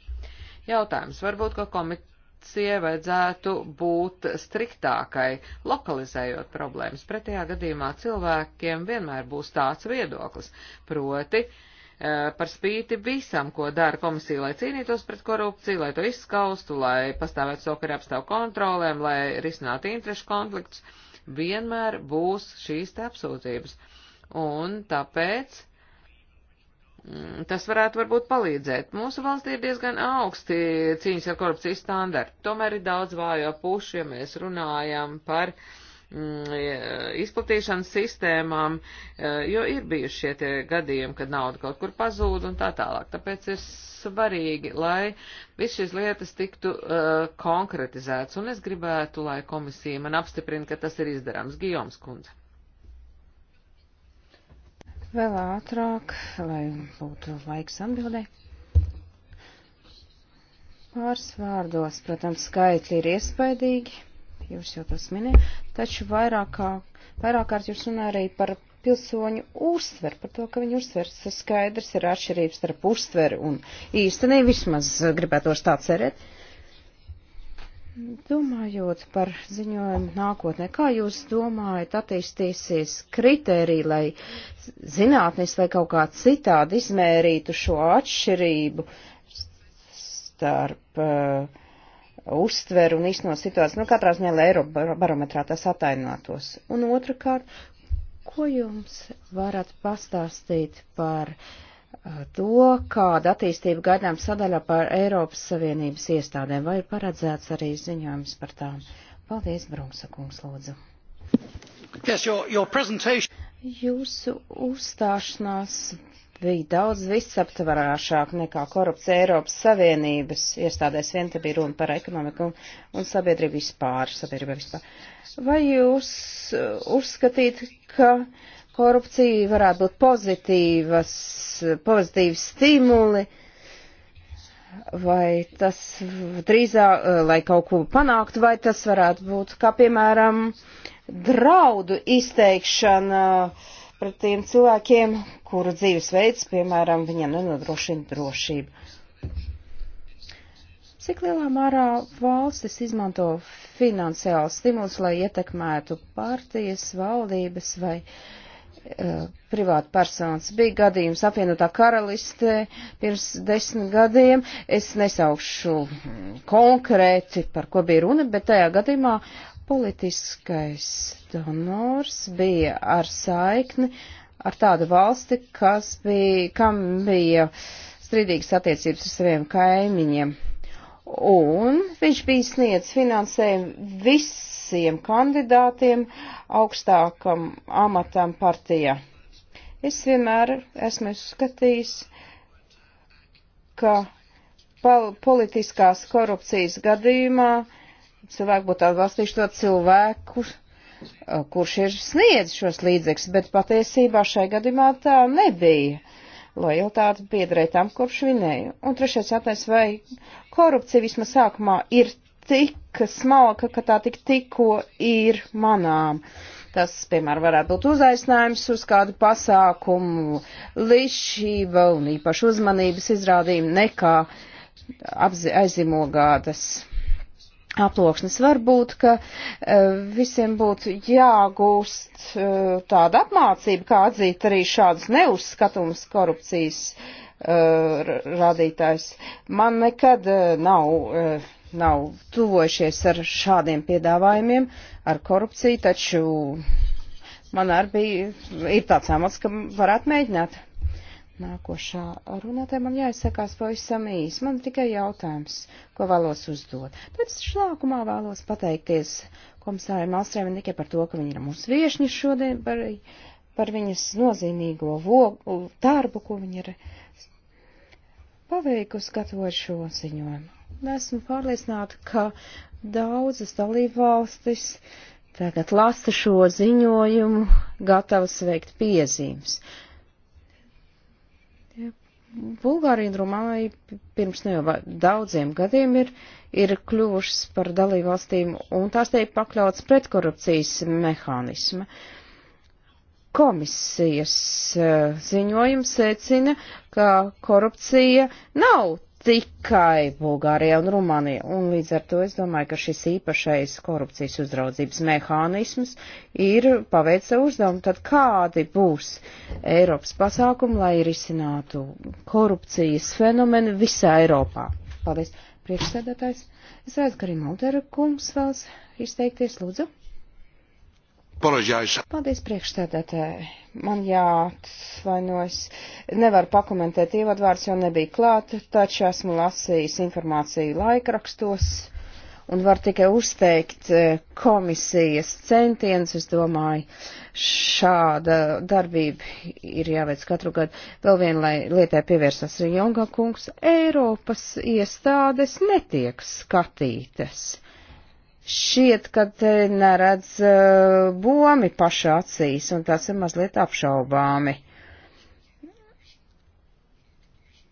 Jautājums varbūt, ka komit reakcijai vajadzētu būt striktākai, lokalizējot problēmas. Pretējā gadījumā cilvēkiem vienmēr būs tāds viedoklis, proti eh, par spīti visam, ko dara komisija, lai cīnītos pret korupciju, lai to izskaustu, lai pastāvētu sokari apstāv kontrolēm, lai risinātu interešu konfliktus, vienmēr būs šīs te apsūdzības. Un tāpēc Mm, tas varētu varbūt palīdzēt. Mūsu valstī ir diezgan augsti cīņas ar korupciju standarti. Tomēr ir daudz vājo pušu, ja mēs runājam par mm, izplatīšanas sistēmām, eh, jo ir bijuši šie tie gadījumi, kad nauda kaut kur pazūd un tā tālāk. Tāpēc ir svarīgi, lai viss šīs lietas tiktu uh, konkretizēts, un es gribētu, lai komisija man apstiprina, ka tas ir izdarāms. Gijoms kundze vēl ātrāk, lai būtu laiks atbildē. Pāris vārdos, protams, skaitļi ir iespaidīgi, jūs jau tos minējat, taču vairāk kā, vairāk kārt jūs runājat arī par pilsoņu uztver, par to, ka viņi uztver, tas skaidrs ir atšķirības starp uztveri un īstenību, vismaz gribētos tā cerēt. Uh, Domājot par ziņojumu nākotnē, kā jūs domājat, attīstīsies kriteriji, lai zinātnis vai kaut kā citādi izmērītu šo atšķirību starp uh, uztveru un īstenot situāciju? Nu, katrā ziņā, lai Eiropa barometrā tas atainotos. Un otrkārt, ko jums varat pastāstīt par uh, to, kāda attīstība gaidām sadaļā par Eiropas Savienības iestādēm, vai ir paredzēts arī ziņojums par tām. Paldies, Brunsa kungs, lūdzu. Yes, your, your presentation... Jūsu uzstāšanās bija daudz visaptvarāšāk nekā korupcija Eiropas Savienības iestādēs. Vien te bija runa par ekonomiku un, un sabiedrību vispār, sabiedrību vispār. Vai jūs uh, uzskatīt, ka uh, korupciju, varētu būt pozitīvas, pozitīvi stimuli, vai tas drīzāk, lai kaut ko panāktu, vai tas varētu būt, kā piemēram, draudu izteikšana pret tiem cilvēkiem, kuru dzīvesveids, piemēram, viņam nenodrošina drošību. Cik lielā mērā valstis izmanto finansiālu stimulus, lai ietekmētu partijas, valdības vai uh, Eh, privāta personas. Bija gadījums apvienotā karalistē pirms desmit gadiem. Es nesaukšu mm, konkrēti, par ko bija runa, bet tajā gadījumā politiskais donors bija ar saikni ar tādu valsti, kas bija, kam bija strīdīgas attiecības ar saviem kaimiņiem. Un viņš bija sniedz finansējumu viss visiem kandidātiem augstākam amatam partijā. Es vienmēr esmu skatījis, ka politiskās korupcijas gadījumā cilvēku būtu atbalstījuši to cilvēku, uh, kurš ir sniedz šos līdzekļus, bet patiesībā šai gadījumā tā nebija. Lojaltāte piederēja tam, kurš vinēja. Un trešais jautājums, vai korupcija vismaz sākumā ir tik smalka, ka tā tik tikko ir manām. Tas, piemēram, varētu būt uzaicinājums uz kādu pasākumu, lišība un īpaši uzmanības izrādījuma nekā aizimogātas aploksnes. Varbūt, ka uh, visiem būtu jāgūst uh, tāda apmācība, kā atzīt arī šādus neuzskatumus korupcijas uh, e, radītājs. Man nekad nav nav tuvojušies ar šādiem piedāvājumiem, ar korupciju, taču man arī bija, ir tāds amats, ka varētu mēģināt. Nākošā runātē man jāizsakās pavisam īsi. Man tikai jautājums, ko vēlos uzdot. Pēc šlākumā vēlos pateikties komisārai Malstrēmai tikai par to, ka viņi ir mūsu viešņi šodien, par, par viņas nozīmīgo vogu, darbu, ko viņi ir paveikusi gatavot šo ziņojumu Esmu pārliecināta, ka daudzas dalībvalstis tagad lasa šo ziņojumu, gatavas veikt piezīmes. Bulgārija un Rumānija pirms ne jau daudziem gadiem ir, ir kļuvušas par dalībvalstīm, un tās tiek pakļauts pretkorupcijas mehānisma. Komisijas eh, ziņojums secina, ka korupcija nav tikai Bulgārija un Rumānija. Un līdz ar to es domāju, ka šis īpašais korupcijas uzraudzības mehānisms ir paveic savu uzdevumu. Tad kādi būs Eiropas pasākumi, lai risinātu korupcijas fenomenu visā Eiropā? Paldies, priekšsēdētājs. Es redzu, ka arī Maldera kungs vēlas izteikties, lūdzu. Paražājuši. Paldies priekšstādātāji. Man jāatvainojas. Nevaru pakomentēt ievadvārds, jo nebija klāt, taču esmu lasījis informāciju laikrakstos un var tikai uzteikt eh, komisijas centienus. Es domāju, šāda darbība ir jāveic katru gadu. Vēl viena, lai lietai pievērsās Rionga kungs, Eiropas iestādes netiek skatītas Šiet, ka te neredz uh, bomi pašā acīs, un tas ir mazliet apšaubāmi.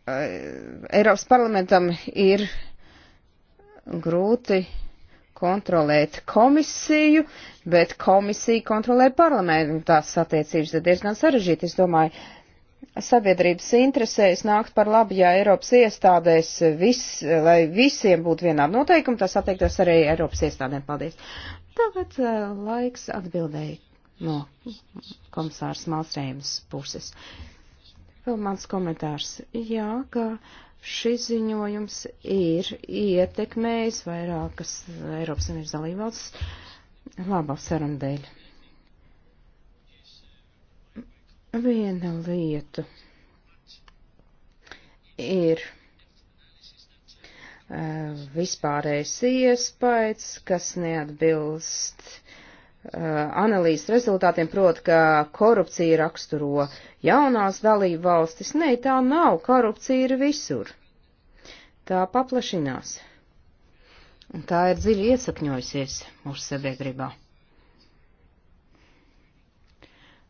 Uh, Eiropas parlamentam ir grūti kontrolēt komisiju, bet komisija kontrolē parlamentu tās attiecības, tad diezgan sarežģīti, es domāju. Uh, sabiedrības interesēs nākt par labu, ja Eiropas iestādēs viss, lai visiem būtu vienādi noteikumi, tas attiektos arī Eiropas iestādēm. Paldies. Tagad eh, laiks atbildēji no komisārs Malstrēmas puses. Vēl mans komentārs. Jā, ka šis ziņojums ir ietekmējis vairākas Eiropas Savienības dalībvalsts labā saruna dēļ. Viena lieta ir vispārējais iespējas, kas neatbilst analīzes rezultātiem, proti, ka korupcija raksturo jaunās dalību valstis. Nē, tā nav, korupcija ir visur. Tā paplašinās. Un tā ir dziļi iesakņojusies mūsu sabiedrībā.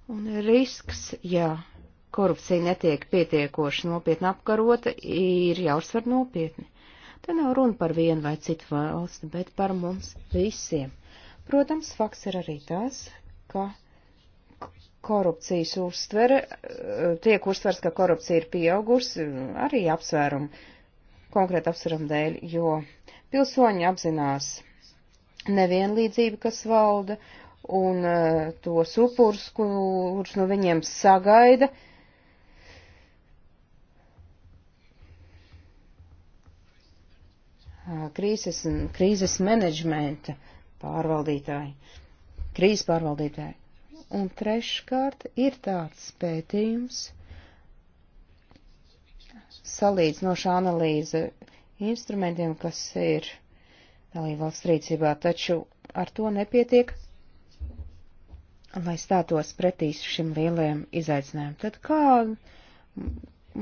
Un risks, ja korupcija netiek pietiekoši nopietni apkarota, ir jāuzsver nopietni. Te nav runa par vienu vai citu valsti, bet par mums visiem. Protams, fakts ir arī tas, ka korupcijas uztvere, eh, tiek uztvers, ka korupcija ir pieaugusi arī apsvērumu, konkrēti apsvērumu dēļ, jo pilsoņi apzinās nevienlīdzību, kas valda, un e, tos upurs, kurš no viņiem sagaida. Krīzes, krīzes menedžmenta pārvaldītāji, krīzes pārvaldītāji. Un treškārt ir tāds pētījums, salīdzinoša analīze instrumentiem, kas ir dalībvalsts rīcībā, taču ar to nepietiek lai stātos pretī šim lielajam izaicinājumam. Tad kā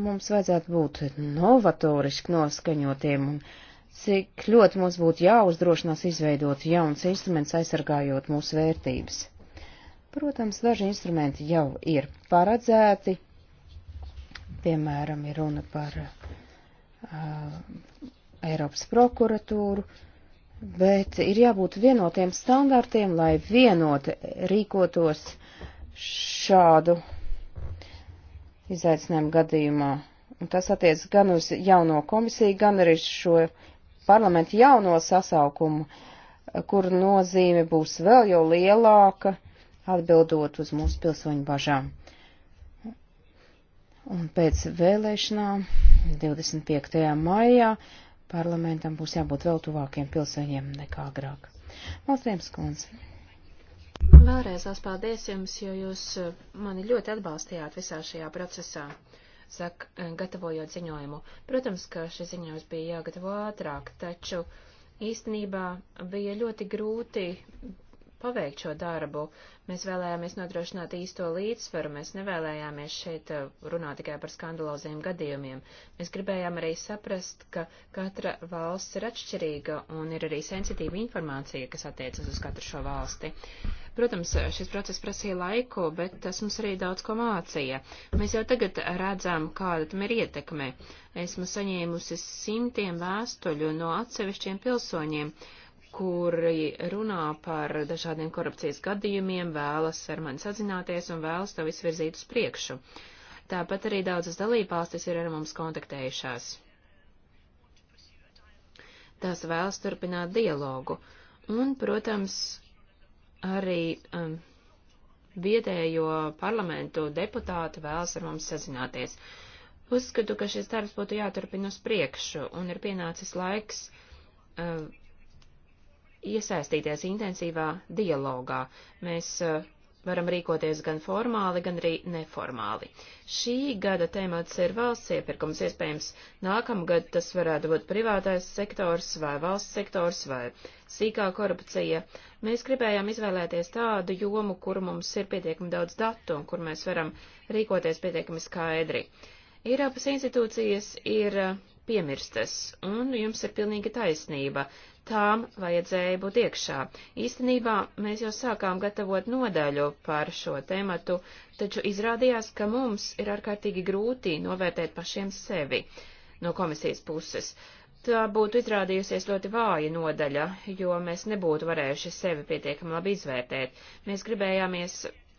mums vajadzētu būt novatoriski noskaņotiem un cik ļoti mums būtu jāuzdrošinās izveidot jauns instruments aizsargājot mūsu vērtības? Protams, daži instrumenti jau ir paredzēti, piemēram, ir runa par uh, Eiropas prokuratūru, uh, bet ir jābūt vienotiem standartiem, lai vienoti rīkotos šādu izaicinājumu gadījumā. Un tas attiec gan uz jauno komisiju, gan arī šo parlamentu jauno sasaukumu, kur nozīme būs vēl jau lielāka, atbildot uz mūsu pilsoņu bažām. Un pēc vēlēšanām 25. maijā parlamentam būs jābūt vēl tuvākiem pilsēņiem nekā agrāk. Malstrēms kundze. Vēlreiz liels paldies jums, jo jūs uh, mani ļoti atbalstījāt visā šajā procesā, saka, uh, gatavojot ziņojumu. Protams, ka šis ziņojums bija jāgatavo ātrāk, taču īstenībā bija ļoti grūti paveikt šo darbu. Mēs vēlējāmies nodrošināt īsto līdzsvaru, mēs nevēlējāmies šeit uh, runāt tikai par skandaloziem gadījumiem. Mēs gribējām arī saprast, ka katra valsts ir atšķirīga un ir arī sensitīva informācija, kas attiecas uz katru šo valsti. Protams, šis process prasīja laiku, bet tas mums arī daudz ko mācīja. Mēs jau tagad redzam, kāda tam ir ietekme. Esmu saņēmusi simtiem vēstuļu no atsevišķiem pilsoņiem kuri runā par dažādiem korupcijas gadījumiem, vēlas ar mani sazināties un vēlas to visu virzīt uz priekšu. Tāpat arī daudzas dalībvalstis ir ar mums kontaktējušās. Tās vēlas turpināt dialogu un, protams, arī um, vietējo parlamentu deputāti vēlas ar mums sazināties. Uzskatu, ka šis darbs būtu jāturpina uz priekšu un ir pienācis laiks uh, iesaistīties intensīvā dialogā. Mēs uh, varam rīkoties gan formāli, gan arī neformāli. Šī gada temats ir valsts iepirkums, iespējams, nākamgad tas varētu būt privātais sektors vai valsts sektors vai sīkā korupcija. Mēs gribējām izvēlēties tādu jomu, kur mums ir pietiekami daudz datu un kur mēs varam rīkoties pietiekami skaidri. Eiropas institūcijas ir eh, piemirstas, un jums ir pilnīga taisnība. Tām vajadzēja būt iekšā. Īstenībā mēs jau sākām gatavot nodaļu par šo tematu, taču izrādījās, ka mums ir ārkārtīgi grūti novērtēt pašiem sevi no komisijas puses. Tā būtu izrādījusies ļoti vāja nodaļa, jo mēs nebūtu varējuši sevi pietiekami labi izvērtēt. Mēs gribējāmies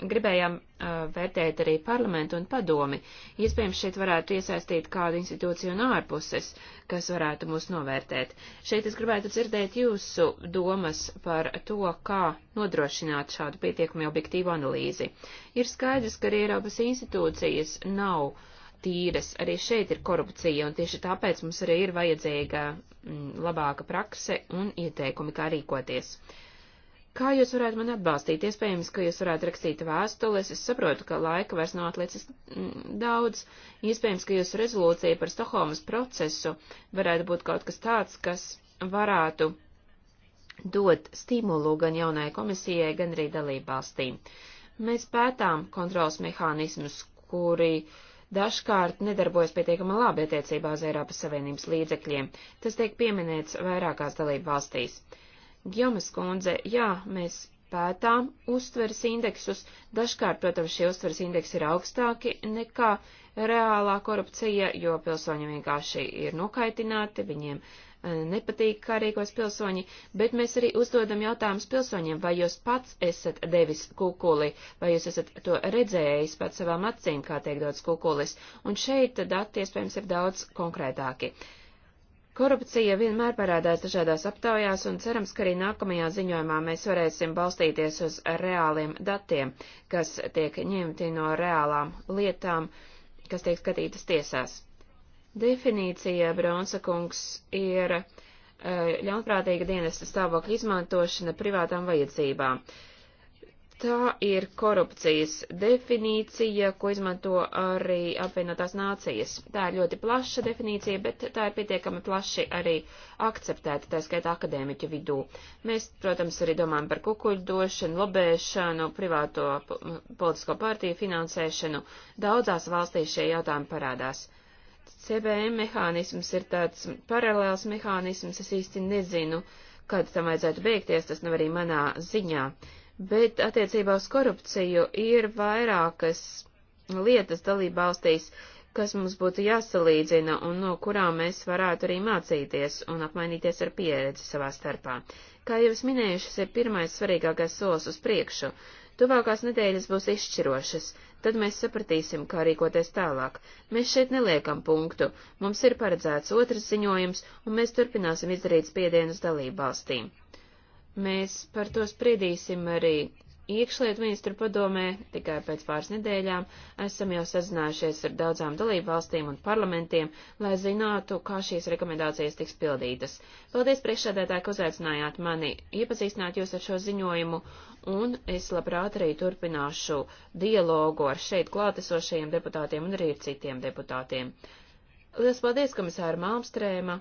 gribējām uh, vērtēt arī parlamentu un padomi. Iespējams, šeit varētu iesaistīt kādu institūciju no ārpuses, kas varētu mūs novērtēt. Šeit es gribētu dzirdēt jūsu domas par to, kā nodrošināt šādu pietiekami objektīvu analīzi. Ir skaidrs, ka arī Eiropas institūcijas nav tīras, arī šeit ir korupcija, un tieši tāpēc mums arī ir vajadzīga m, mm, labāka prakse un ieteikumi, kā rīkoties. Uh, Kā jūs varētu mani atbalstīt? Iespējams, ka jūs varētu rakstīt vēstules. Es saprotu, ka laika vairs nav atlicis mm, daudz. Iespējams, ka jūsu rezolūcija par Stokholmas procesu varētu būt kaut kas tāds, kas varētu dot stimulu gan jaunai komisijai, gan arī dalībvalstīm. Mēs pētām kontrols mehānismus, kuri dažkārt nedarbojas pietiekami labi attiecībā uz Eiropas Savienības līdzekļiem. Tas tiek pieminēts vairākās dalībvalstīs. valstīs. Gjomas kundze, jā, mēs pētām uztveres indeksus, dažkārt, protams, šie uztveres indeksi ir augstāki nekā reālā korupcija, jo pilsoņi vienkārši ir nokaitināti, viņiem e, nepatīk, kā rīkos pilsoņi, bet mēs arī uzdodam jautājumus pilsoņiem, vai jūs pats esat devis kukuli, vai jūs esat to redzējis pat savām acīm, kā tiek dots kukulis, un šeit dati iespējams ir daudz konkrētāki. Uh, Korupcija vienmēr parādās dažādās aptaujās, un cerams, ka arī nākamajā ziņojumā mēs varēsim balstīties uz reāliem datiem, kas tiek ņemti no reālām lietām, kas tiek skatītas tiesās. Definīcija, Bronsa kungs, ir eh, ļaunprātīga dienesta stāvokļa izmantošana privātām vajadzībām. Uh, Tā ir korupcijas definīcija, ko izmanto arī apvienotās nācijas. Tā ir ļoti plaša definīcija, bet tā ir pietiekami plaši arī akceptēta, tā skaitā akadēmiķu vidū. Mēs, protams, arī domājam par kukuļdošanu, lobēšanu, privāto politisko partiju finansēšanu. Daudzās valstīs šie jautājumi parādās. CBM mehānisms ir tāds paralēls mehānisms, es īsti nezinu, kad tam vajadzētu beigties, tas nav arī manā ziņā bet attiecībā uz korupciju ir vairākas lietas dalībvalstīs, kas mums būtu jāsalīdzina un no kurām mēs varētu arī mācīties un apmainīties ar pieredzi savā starpā. Kā jau es minēju, šis ir pirmais svarīgākais solis uz priekšu. Tuvākās nedēļas būs izšķirošas, tad mēs sapratīsim, kā rīkoties tālāk. Mēs šeit neliekam punktu, mums ir paredzēts otrs ziņojums, un mēs turpināsim izdarīt spiedienus dalību valstīm. Mēs par to spriedīsim arī iekšlietu ministru padomē tikai pēc pāris nedēļām. Esam jau sazinājušies ar daudzām dalību valstīm un parlamentiem, lai zinātu, kā šīs rekomendācijas tiks pildītas. Paldies priekšsēdētāji, ka uzaicinājāt mani iepazīstināt jūs ar šo ziņojumu, un es labprāt arī turpināšu dialogu ar šeit klātesošajiem deputātiem un arī ar citiem deputātiem. Lielas paldies, komisāra Malmstrēma!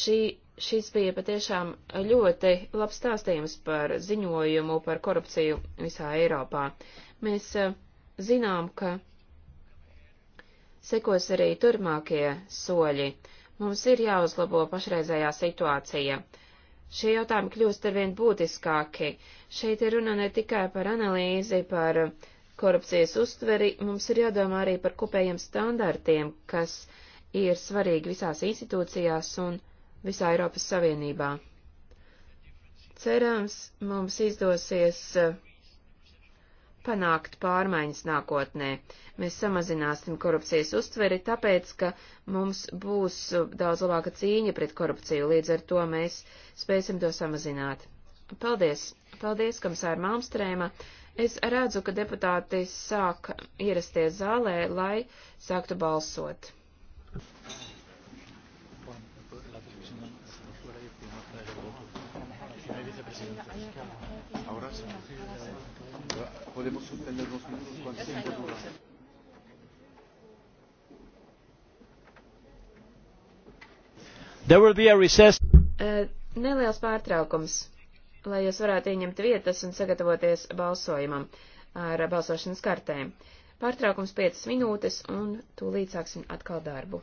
Šī, šis bija patiešām ļoti labs stāstījums par ziņojumu par korupciju visā Eiropā. Mēs eh, zinām, ka sekos arī turmākie soļi. Mums ir jāuzlabo pašreizējā situācija. Šie jautājumi kļūst arvien būtiskāki. Šeit ir runa ne tikai par analīzi, par korupcijas uztveri, mums ir jādomā arī par kopējiem standartiem, kas ir svarīgi visās institūcijās un visā Eiropas Savienībā. Cerams, mums izdosies eh, panākt pārmaiņas nākotnē. Mēs samazināsim korupcijas uztveri, tāpēc, ka mums būs eh, daudz labāka cīņa pret korupciju, līdz ar to mēs spēsim to samazināt. Paldies! Paldies, komisāra Malmstrēma! Es redzu, ka deputāti sāk ierasties zālē, lai sāktu balsot. Thank you. Ahora sí. Podemos suspender dos minutos. ¿Cuánto tiempo dura? There will be a recess. Uh, neliels pārtraukums, lai jūs varētu ieņemt vietas un sagatavoties balsojumam ar balsošanas kartēm. Pārtraukums 5 minūtes un tūlīt sāksim atkal darbu.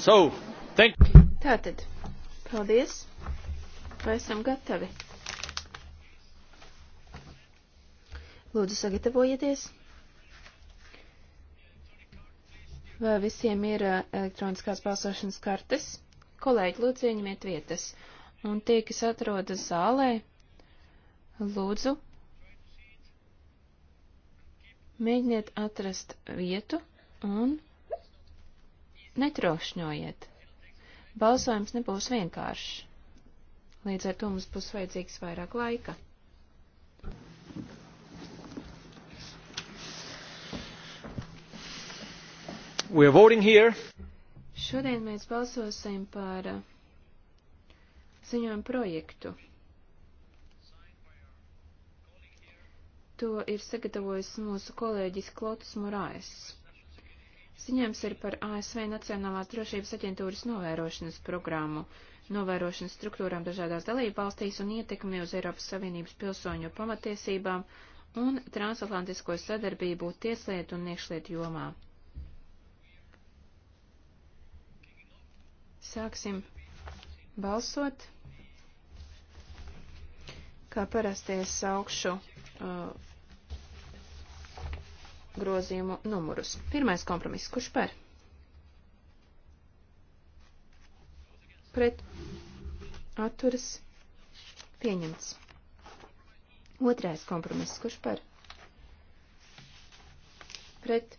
So, thank... Tātad, paldies. Vai esam gatavi? Lūdzu, sagatavojieties. Vai visiem ir eh, elektroniskās balsošanas kartes? Kolēģi, lūdzu, ieņemiet vietas. Un tie, kas atrodas zālē, lūdzu, mēģiniet atrast vietu un Netrošņojiet. Balsojums nebūs vienkāršs. Līdz ar to mums būs vajadzīgs vairāk laika. Šodien mēs balsosim par uh, ziņojumu projektu. To ir sagatavojis mūsu kolēģis Klotis Morais. Ziņojums ir par ASV Nacionālās drošības aģentūras novērošanas programmu, novērošanas struktūrām dažādās dalībvalstīs un ietekmi uz Eiropas Savienības pilsoņu pamatiesībām un transatlantisko sadarbību tieslietu un iekšlietu jomā. Sāksim balsot. Kā parasti es augšu uh, grozījumu numurus. Pirmais kompromiss, kurš par? Pret atturas pieņemts. Otrais kompromiss, kurš par? Pret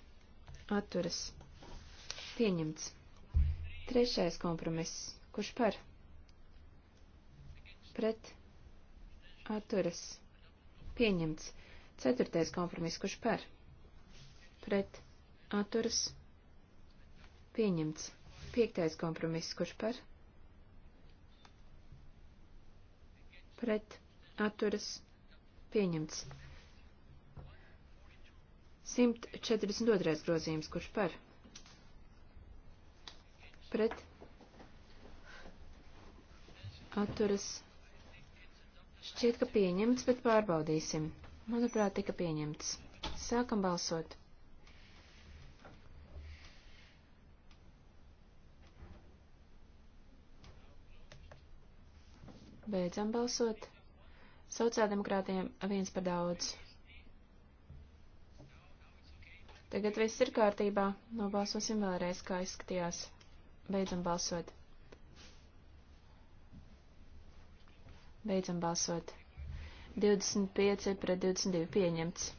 atturas pieņemts. Trešais kompromiss, kurš par? Pret atturas pieņemts. Ceturtais kompromiss, kurš par? pret atturas pieņemts. Piektais kompromiss, kurš par pret atturas pieņemts. 142. grozījums, kurš par pret atturas šķiet, ka pieņemts, bet pārbaudīsim. Manuprāt, tika pieņemts. Sākam balsot. Beidzam balsot. Sociāldemokrātiem viens par daudz. Tagad viss ir kārtībā. Nobalsosim vēlreiz, kā izskatījās. Beidzam balsot. Beidzam balsot. 25 pret 22 pieņemts.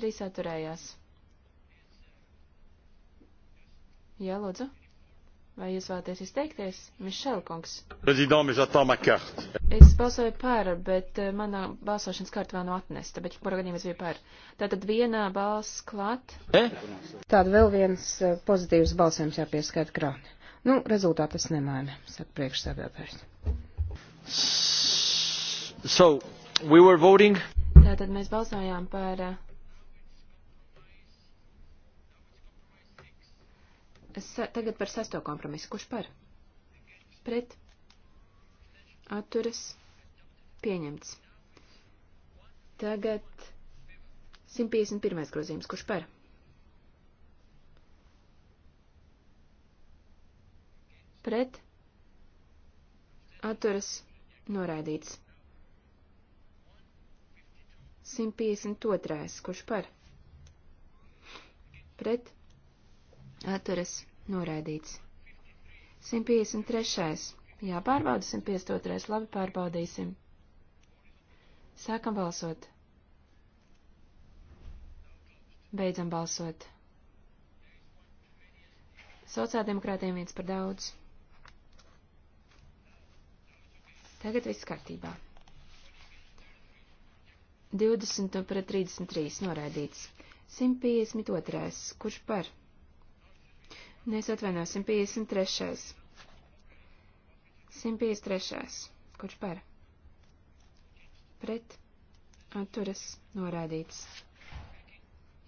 3 atturējās. Jā, lūdzu. Vai jūs vēlaties izteikties? Mišela kungs. Es balsoju par, bet eh, mana balsošanas karta vēl nav atnesta, bet jebkurā gadījumā es biju par. Tātad vienā balss klāt. E? Eh? Tāda vēl viens eh, pozitīvs balsojums jāpieskaita krāni. Nu, rezultātas nemaina, saka priekšsēdētājs. So, we were voting. Tātad mēs balsojām par Sa tagad par sesto kompromisu. Kurš par? Pret. Atturas. Pieņemts. Tagad 151. grozījums. Kurš par? Pret. Atturas. Noraidīts. 152. Kurš par? Pret atturas noraidīts. 153. Jāpārbauda 152. Labi pārbaudīsim. Sākam balsot. Beidzam balsot. Sociāldemokrātiem viens par daudz. Tagad viss kārtībā. 20 pret 33 noraidīts. 152. Kurš par? Mēs atvainosim 53. 153. Kurš par? Pret. Atturas. Norādīts.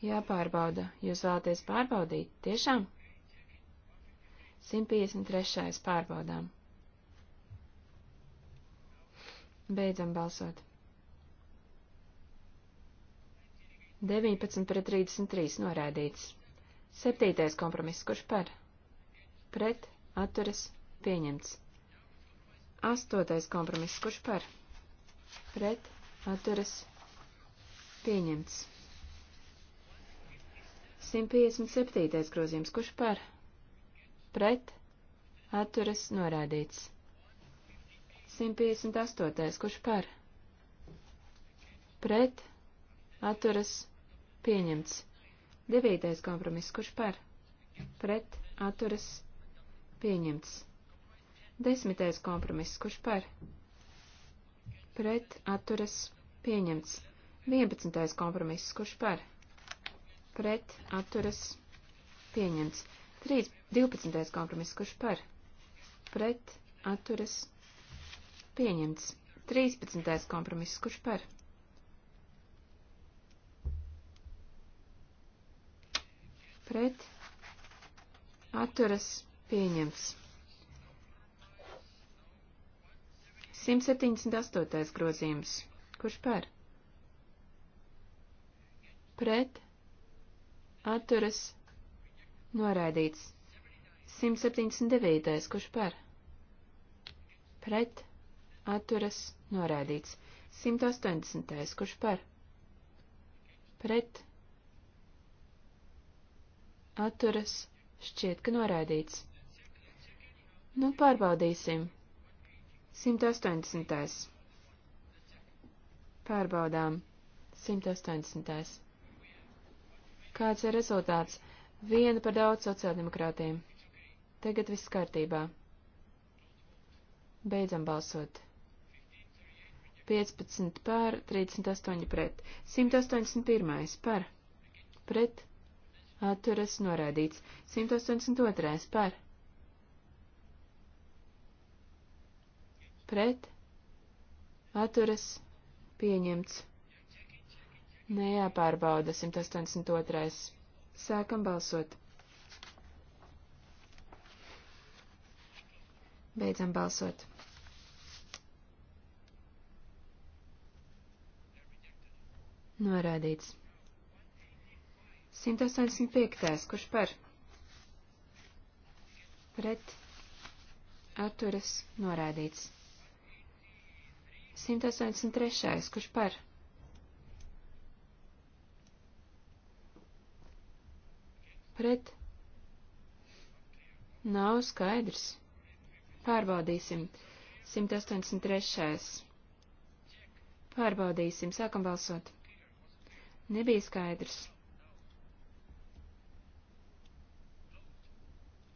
Jāpārbauda. Jūs vēlaties pārbaudīt? Tiešām? 153. pārbaudām. Beidzam balsot. 19 pret 33 norādīts. Septītais kompromiss, kurš par? Pret, atturas, pieņemts. Astotais kompromiss, kurš par? Pret, atturas, pieņemts. 157. grozījums, kurš par? Pret, atturas, norādīts. 158. kurš par? Pret, atturas, pieņemts. Devītais kompromiss, kurš par? Pret, atturas, pieņemts. Desmitais kompromiss, kurš par? Pret, atturas, pieņemts. Vienpadsmitais kompromiss, kurš par? Pret, atturas, pieņemts. Trīs, divpadsmitais kompromiss, kurš par? Pret, atturas, pieņemts. Trīspadsmitais kompromiss, kurš par? pret atturas pieņems. 178. grozījums. Kurš par? Pret atturas noraidīts. 179. Kurš par? Pret atturas noraidīts. 180. Kurš par? Pret atturas, šķiet, ka noraidīts. Nu, pārbaudīsim. 180. Pārbaudām. 180. Kāds ir rezultāts? Viena par daudz sociāldemokrātiem. Tagad viss kārtībā. Beidzam balsot. 15 pār, 38 pret. 181 par. Pret atturas noraidīts. 182. par. Pret. Atturas pieņemts. Nejāpārbauda 182. Sākam balsot. Beidzam balsot. Norādīts. 185. Kurš par? Pret. Atturas. Norādīts. 183. Kurš par? Pret. Nav skaidrs. Pārbaudīsim. 183. Pārbaudīsim. Sākam balsot. Nebija skaidrs.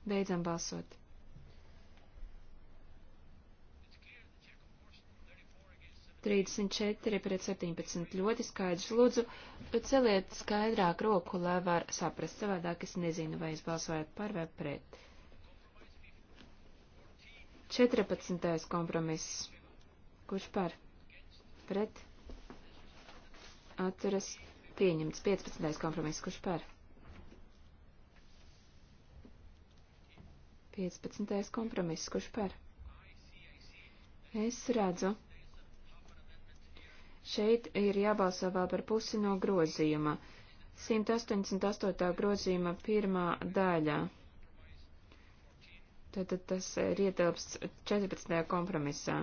Beidzam balsot. Trīsdesmit četri pret septiņpadsmit ļoti skaidrs. Lūdzu, celiet skaidrāk roku, lai var saprast. Savādāk es nezinu, vai jūs balsojat par vai pret. 14. kompromiss. Kurš par? Pret? Atturas pieņemts. 15. kompromiss. Kurš par? 15. kompromiss, kurš par? Es redzu. Šeit ir jābalso vēl par pusi no grozījuma. 188. grozījuma pirmā daļā. Tātad tas ir ietilpsts 14. kompromisā.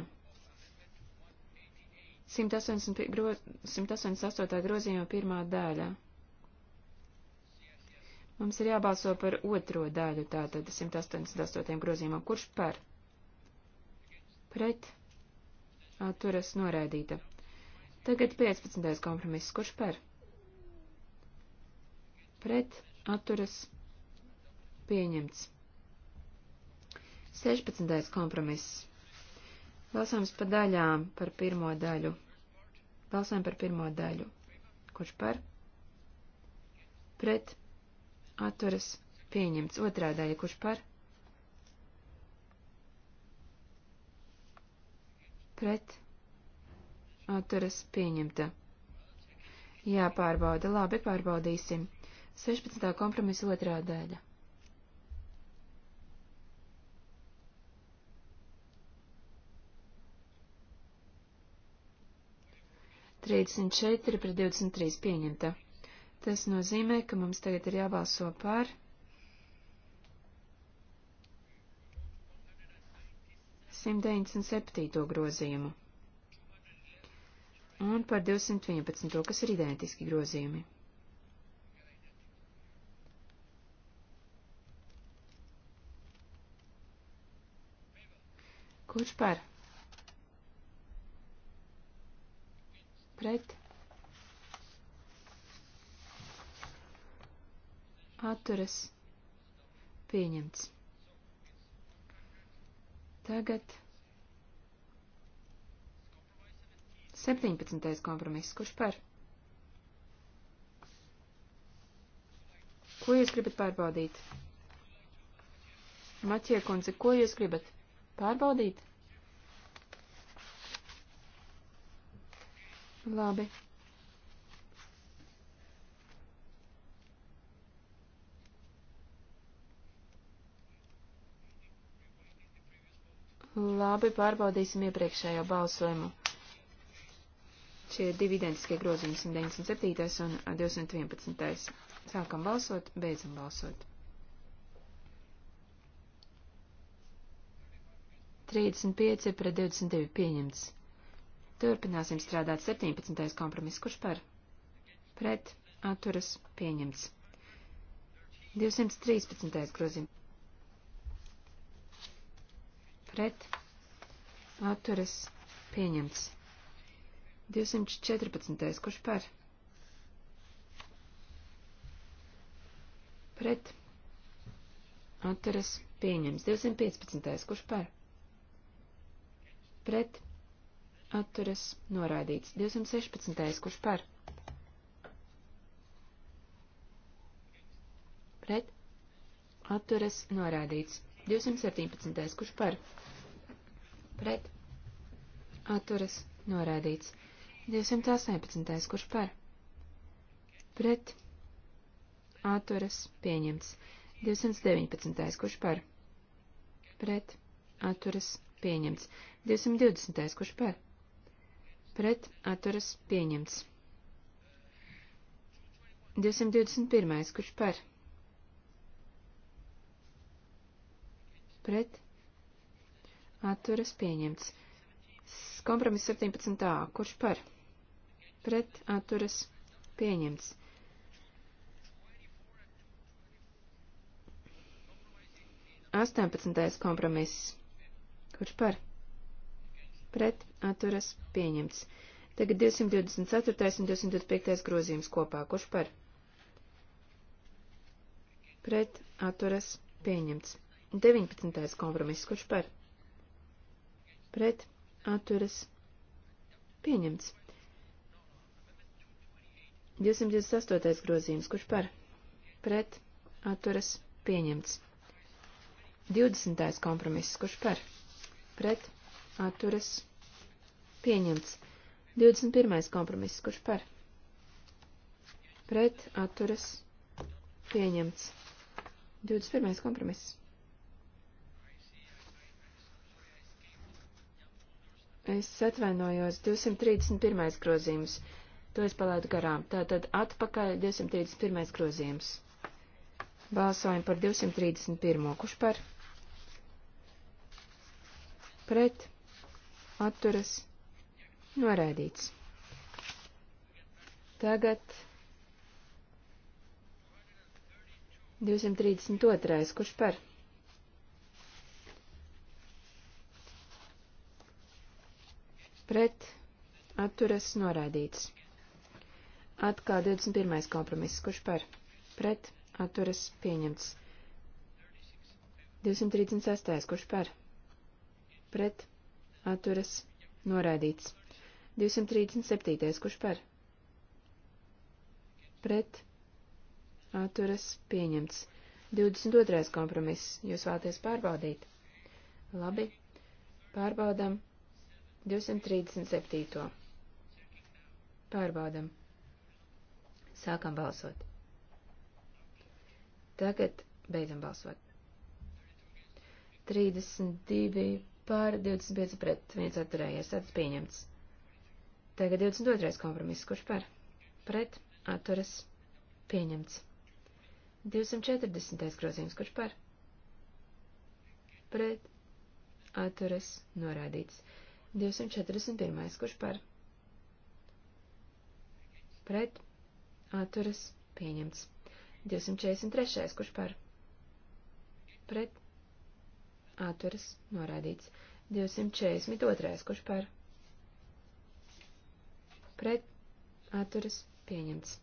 188. grozījuma pirmā daļā. Mums ir jābalso par otro daļu, tātad 188. grozījumam. Kurš par? Pret. Atturas noraidīta. Tagad 15. kompromiss. Kurš par? Pret. Atturas. Pieņemts. 16. kompromiss. Balsojums pa daļām par pirmo daļu. Balsojam par pirmo daļu. Kurš par? Pret atturas pieņemts. Otrā daļa, kurš par? Pret atturas pieņemta. Jāpārbauda, labi, pārbaudīsim. 16. kompromisa otrā daļa. Trīsdesmit četri pret divdesmit trīs pieņemta. Tas nozīmē, ka mums tagad ir jābalso par 197. grozījumu un par 211. kas ir identiski grozījumi. Kurš par? Pret? atturas pieņemts. Tagad 17. kompromiss. Kurš par? Ko jūs gribat pārbaudīt? Maķiekundze, ko jūs gribat pārbaudīt? Labi. Labi, pārbaudīsim iepriekšējo balsojumu. Šie ir divi identiskie grozījumi, 197. un 211. Sākam balsot, beidzam balsot. 35 pret 22 pieņemts. Turpināsim strādāt 17. kompromiss, kurš par? Pret, atturas, pieņemts. 213. grozījums pret atturas pieņemts. 214. Kurš par? Pret. Atturas pieņems. 215. Kurš par? Pret. Atturas noraidīts. 216. Kurš par? Pret. Atturas noraidīts. 217. Kurš par? Pret. Atturas. Noraidīts. 218. Kurš par? Pret. Atturas. Pieņemts. 219. Kurš par? Pret. Atturas. Pieņemts. 220. Kurš par? Pret. Atturas. Pieņemts. 221. Kurš par? pret atturas pieņemts. Kompromiss 17a. Kurš par? Pret atturas pieņemts. Astoņpadsmitais kompromiss. Kurš par? Pret atturas pieņemts. Tagad 224. un 225. grozījums kopā. Kurš par? Pret atturas pieņemts. 19. kompromiss, kurš par? Pret, atturas, pieņemts. 228. grozījums, kurš par? Pret, atturas, pieņemts. 20. kompromiss, kurš par? Pret, atturas, pieņemts. 21. kompromiss, kurš par? Pret, atturas, pieņemts. 21. kompromiss. Es atvainojos, 231. grozījums. To es palaidu garām. Tātad atpakaļ 231. grozījums. Balsojam par 231. Kurš par? Pret. Atturas. Noraidīts. Tagad 232. Kurš par? pret atturas noraidīts. Atkal 21. kompromiss, kurš par pret atturas pieņemts. 236. kurš par pret atturas noraidīts. 237. kurš par pret atturas pieņemts. 22. kompromiss, jūs vēlaties pārbaudīt. Labi, pārbaudam 237. Pārbaudam. Sākam balsot. Tagad beidzam balsot. 32 pār 25 pret, viens atturējies, tāds pieņemts. Tagad 22. kompromiss, kurš par? Pret, atturas, pieņemts. 240. grozījums, kurš par? Pret, atturas, norādīts. 241. Kurš par? Pret. Atturas. Pieņemts. 243. Kurš par? Pret. Atturas. Norādīts. 242. Kurš par? Pret. Atturas. Pieņemts.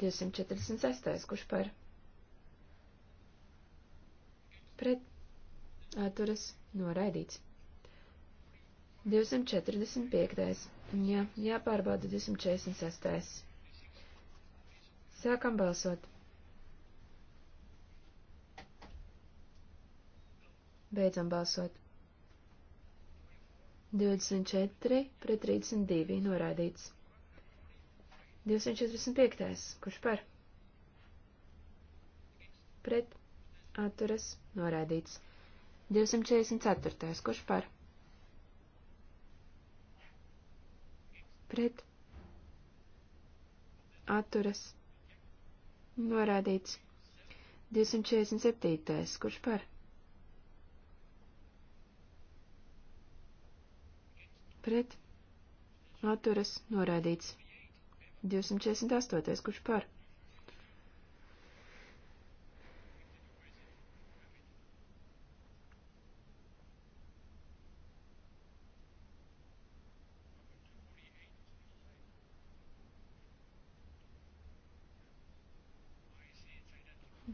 246. Kurš par? Pret. Atturas. Noraidīts. 245. Jā, jāpārbauda 246. Sākam balsot. Beidzam balsot. 24 pret 32 noraidīts. 245. Kurš par? Pret atturas noraidīts. 244. Kurš par? pret atturas norādīts 247. kurš par pret atturas norādīts 248. kurš par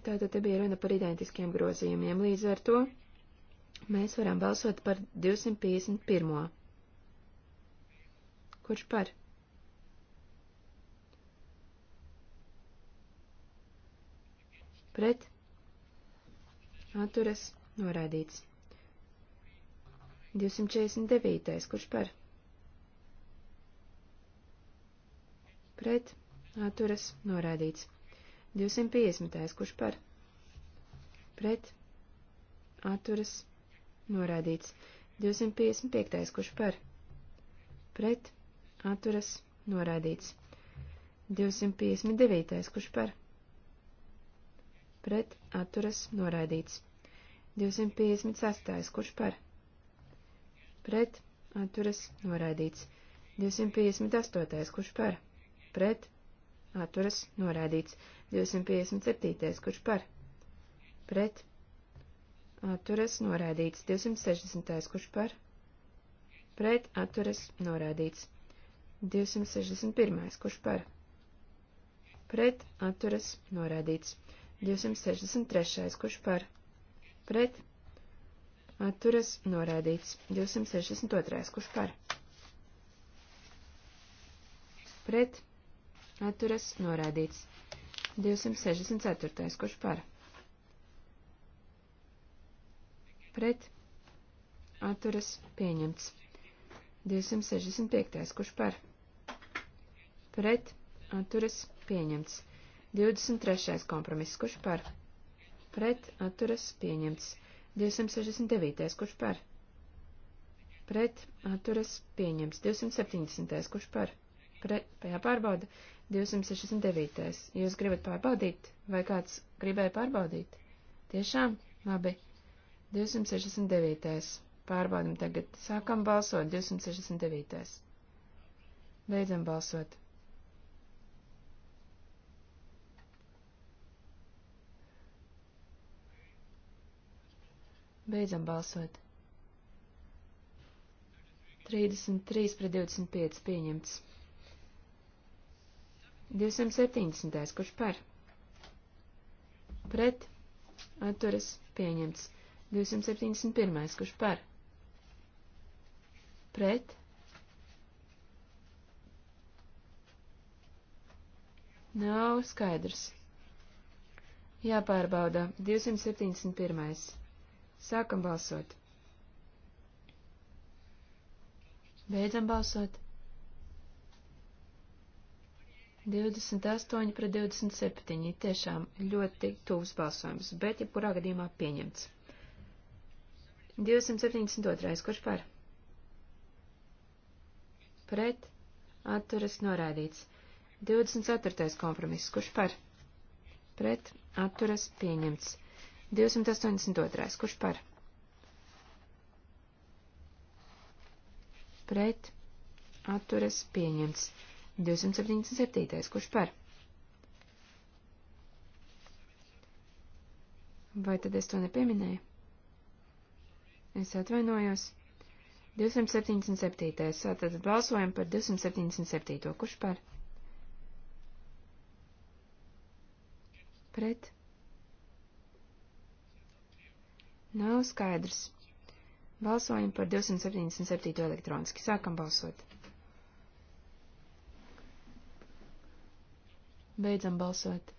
Tātad te bija runa par identiskiem grozījumiem. Līdz ar to mēs varam balsot par 251. Kurš par? Pret? Atturas norādīts. 249. Kurš par? Pret? Atturas norādīts. 250. kurš par pret atturas norādīts. 255. kurš par pret atturas norādīts. 259. kurš par pret atturas norādīts. 256. kurš par pret atturas norādīts. 258. kurš par pret atturas norādīts. 257. kurš par pret atturas norādīts. 260. kurš par pret atturas norādīts. 261. kurš par pret atturas norādīts. 263. kurš par pret atturas norādīts. 262. kurš par pret atturas noraidīts. 264. kurš par? Pret atturas pieņemts. 265. kurš par? Pret atturas pieņemts. 23. kompromiss kurš par? Pret atturas pieņemts. 269. kurš par? Pret atturas pieņemts. 270. kurš par? jāpārbauda 269. Jūs gribat pārbaudīt, vai kāds gribēja pārbaudīt? Tiešām? Labi. 269. Pārbaudam tagad. Sākam balsot 269. Beidzam balsot. Beidzam balsot. 33 pret 25 pieņemts. 270. Kurš par? Pret. Atturas pieņemts. 271. Kurš par? Pret. Nav skaidrs. Jāpārbauda. 271. Sākam balsot. Beidzam balsot. 28 pret 27. Tiešām ļoti tūs balsojums, bet jebkurā gadījumā pieņemts. 272. Kurš par? Pret. Atturas norādīts. 24. kompromiss. Kurš par? Pret. Atturas pieņemts. 282. Kurš par? Pret. Atturas pieņemts. 277. Kurš par? Vai tad es to nepieminēju? Es atvainojos. 277. Tātad balsojam par 277. Kurš par? Pret? Nav skaidrs. Balsojam par 277. elektroniski. Sākam balsot. Beidzam balsot.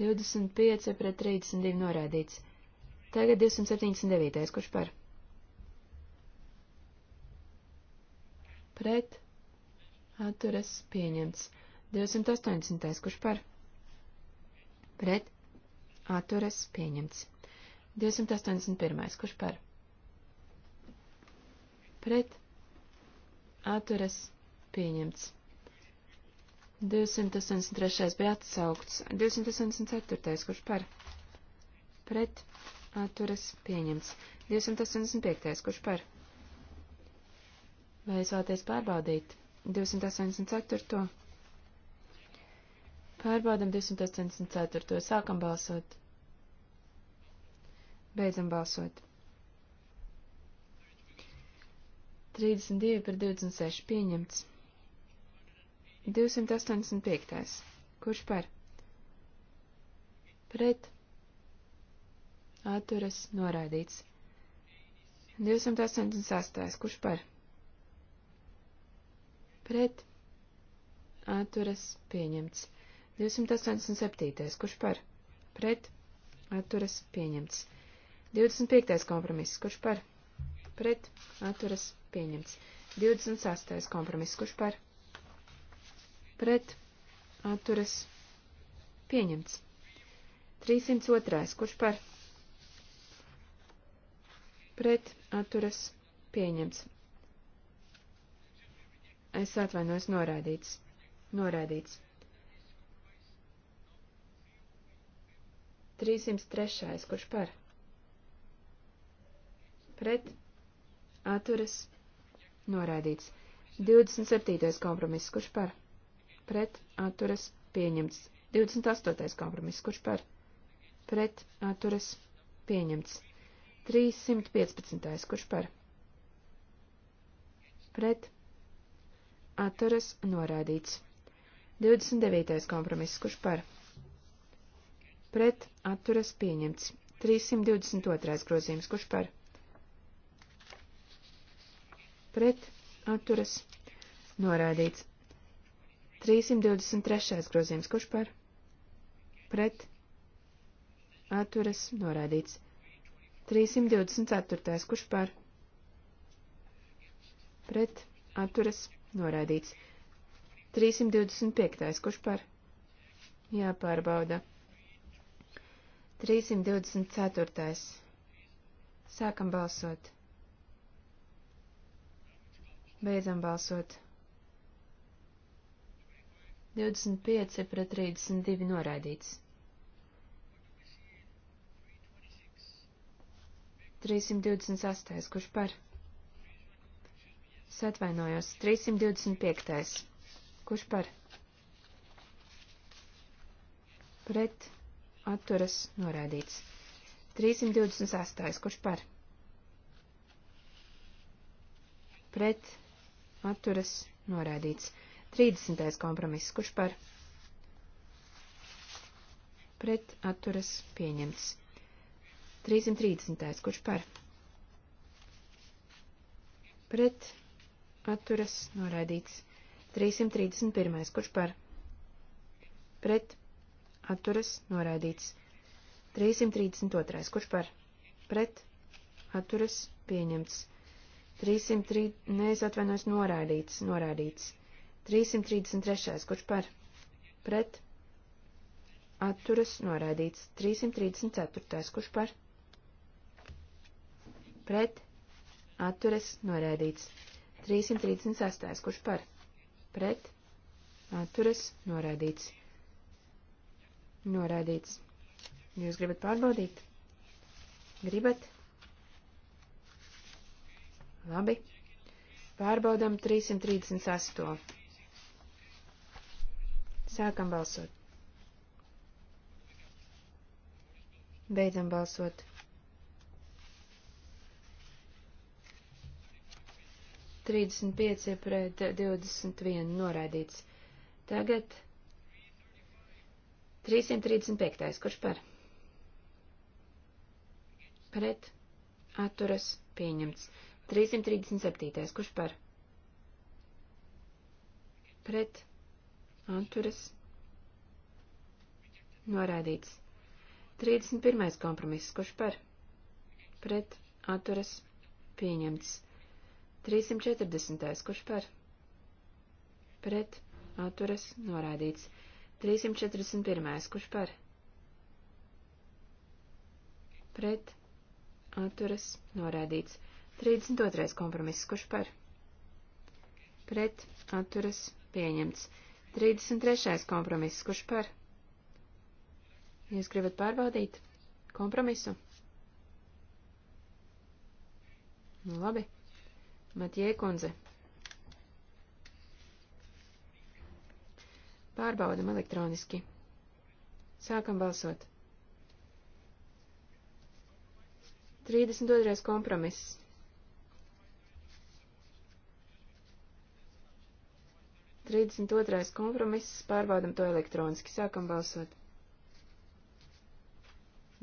Divdesmit pieci pret trīsdesmit divi norādīts. Tagad 279. Kurš par? Pret. Atturas pieņemts. 280. Kurš par? Pret. Atturas pieņemts. 281. Kurš par? Pret atturas pieņemts. 283. bija atsaukts. 284. kurš par? Pret. Atturas pieņemts. 285. kurš par? Vai es vēlaties pārbaudīt? 284. Pārbaudam 284. Sākam balsot. Beidzam balsot. 32 par 26 pieņemts. 285. Kurš par? Pret. Atturas noraidīts. 288. Kurš par? Pret. Atturas pieņemts. 287. Kurš par? Pret. Atturas pieņemts. 25. kompromiss. Kurš par? Pret. Atturas pieņemts. 26. kompromiss, kurš par pret atturas pieņemts. 302. kurš par pret atturas pieņemts. Es atvainojos, norādīts. Norādīts. 303. Kurš par? Pret. Atturas. Noraidīts. 27. kompromiss, kurš par? Pret atturas pieņemts. 28. kompromiss, kurš par? Pret atturas pieņemts. 315. kurš par? Pret atturas noraidīts. 29. kompromiss, kurš par? Pret atturas pieņemts. 322. grozījums, kurš par? pret atturas norādīts. 323. grozījums, kurš par pret atturas norādīts. 324. kurš par pret atturas norādīts. 325. kurš par jāpārbauda. 324. Sākam balsot. Beidzam balsot. 25 pret 32 noraidīts. 328. Kurš par? Es atvainojos. 325. Kurš par? Pret atturas norādīts. 328. Kurš par? Pret atturas noraidīts. 30. kompromiss, kurš par pret atturas pieņemts. 330. kurš par pret atturas noraidīts. 331. kurš par pret atturas noraidīts. 332. kurš par pret atturas pieņemts. 303, nē, es atvainojos, noraidīts, noraidīts. 333, kurš par, pret, atturas, noraidīts. 334, kurš par, pret, atturas, noraidīts. 338, kurš par, pret, atturas, noraidīts. Noraidīts. Jūs gribat pārbaudīt? Gribat? Labi. Pārbaudam 338. Sākam balsot. Beidzam balsot. 35 pret 21 noraidīts. Tagad 335. Kurš par? Pret atturas pieņemts. 337. Kurš par? Pret. Anturas. Norādīts. 31. kompromiss. Kurš par? Pret. Anturas. Pieņemts. 340. Kurš par? Pret. Atturas. Norādīts. 341. Kurš par? Pret. Atturas. Norādīts. 32. kompromiss, kurš par? Pret atturas pieņemts. 33. kompromiss, kurš par? Jūs gribat pārbaudīt kompromisu? Nu, labi. Matjē kundze. Pārbaudam elektroniski. Sākam balsot. 32. kompromiss. 32. kompromiss, pārbaudam to elektroniski. Sākam balsot.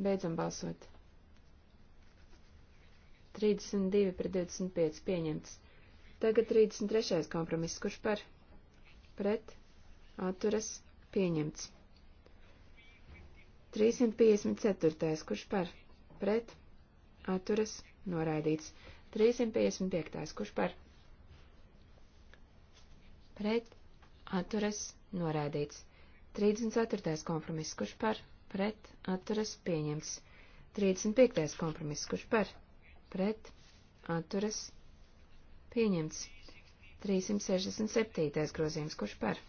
Beidzam balsot. 32 pret 25 pieņemts. Tagad 33. kompromiss, kurš par pret atturas pieņemts. 354. kurš par pret atturas noraidīts. 355. kurš par pret pret, atturas, noraidīts. 34. kompromiss, kurš par, pret, atturas, pieņemts. 35. kompromiss, kurš par, pret, atturas, pieņemts. 367. grozījums, kurš par,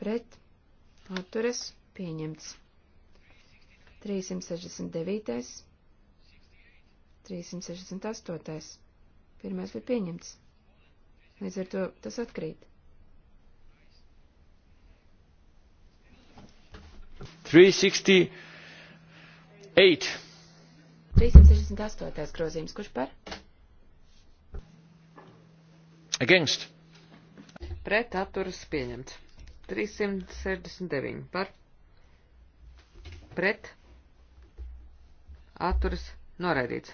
pret, atturas, pieņemts. 369. 368. Pirmais bija pieņemts. Līdz ar to tas atkrīt. 368. 368. grozījums. Kurš par? Against. Pret atturas pieņemts. 369 par. Pret atturas noraidīts.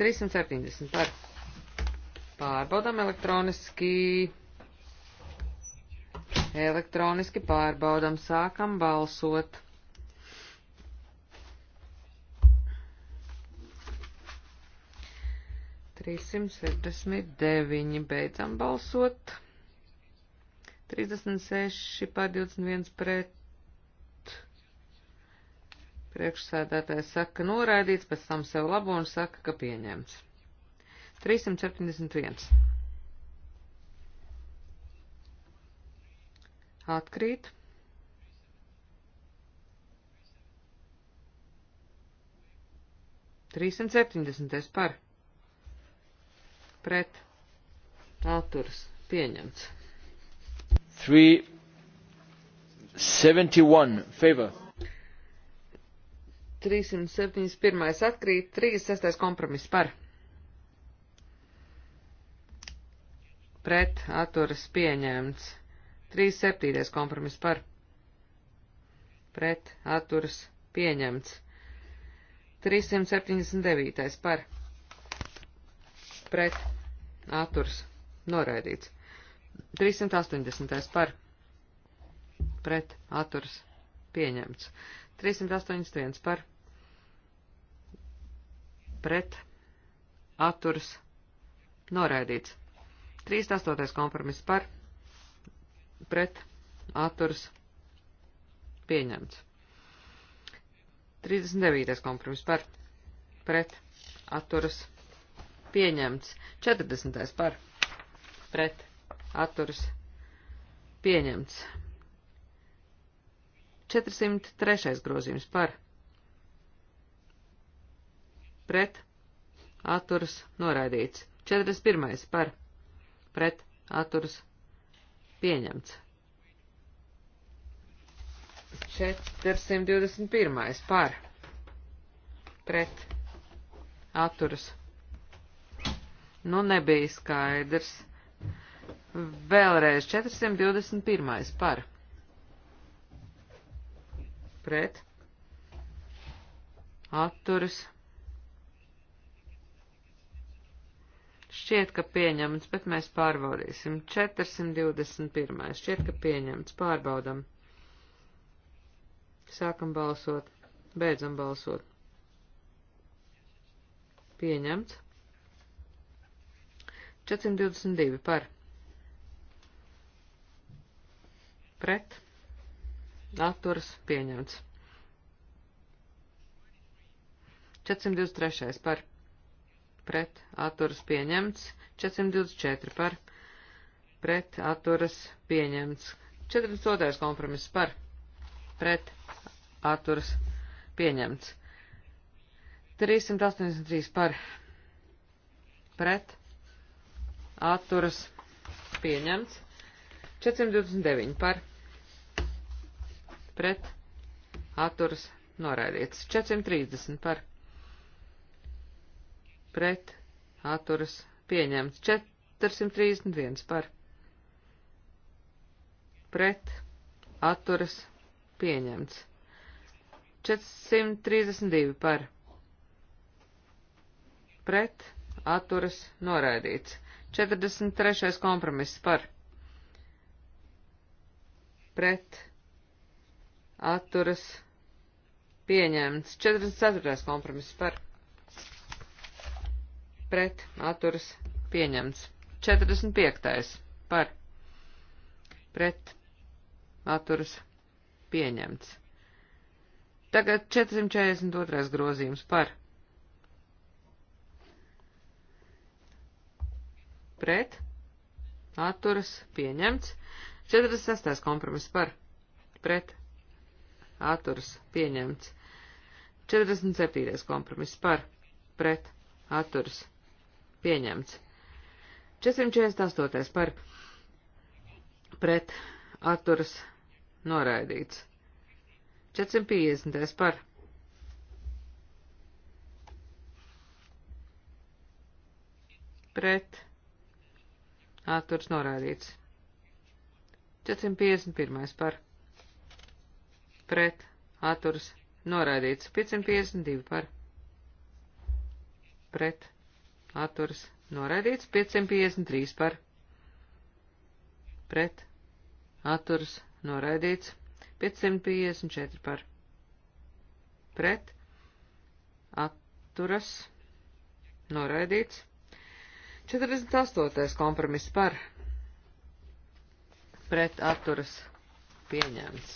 370 par. Pārbaudām elektroniski. Elektroniski pārbaudām, sākam balsot. Trīsimt septiņdesmit deviņi beidzam balsot. 36 pār 21 pret. Priekšsēdētājs saka noraidīts, pēc tam sev labo un saka, ka pieņemts. 371. Atkrīt. Trīsimt septiņdesmitais par. Pret. Atturs. Pieņemts. 371. Favor. 371. Atkrīt. 36. kompromiss par pret atturas pieņemts. 37. kompromiss par pret atturas pieņemts. 379. par pret atturas noraidīts. 380. par pret atturas pieņemts. 381 par pret atturas noraidīts. 38. kompromiss par, pret, atturs, pieņemts. 39. kompromiss par, pret, atturas, pieņemts. 40. par, pret, atturas, pieņemts. 403. grozījums par, pret, atturas, noraidīts. 41. par, pret pret atturas pieņemts. 421. par pret atturas. Nu, nebija skaidrs. Vēlreiz 421. par pret atturas. Šķiet, ka pieņemts, bet mēs pārbaudīsim. 421. Šķiet, ka pieņemts. Pārbaudam. Sākam balsot. Beidzam balsot. Pieņemts. 422 par. Pret. Atturas pieņemts. 423 par pret atturas pieņemts, 424 par, pret atturas pieņemts, 42. kompromiss par, pret atturas pieņemts, 383 par, pret atturas pieņemts, 429 par, pret atturas noraidīts, 430 par, pret pret atturas pieņemts 431 par pret atturas pieņemts 432 par pret atturas noraidīts 43. kompromiss par pret atturas pieņemts 44. kompromiss par pret pret atturas pieņemts. 45. par pret atturas pieņemts. Tagad 442. grozījums par pret atturas pieņemts. 46. kompromiss par pret atturas pieņemts. 47. kompromiss par pret atturas pieņemts pieņemts. 448. par pret atturas noraidīts. 450. par pret atturas noraidīts. 451. par pret atturas noraidīts. 552 par pret atturas noraidīts, 553 par pret atturas noraidīts, 554 par pret atturas noraidīts, 48. kompromiss par pret atturas pieņemts.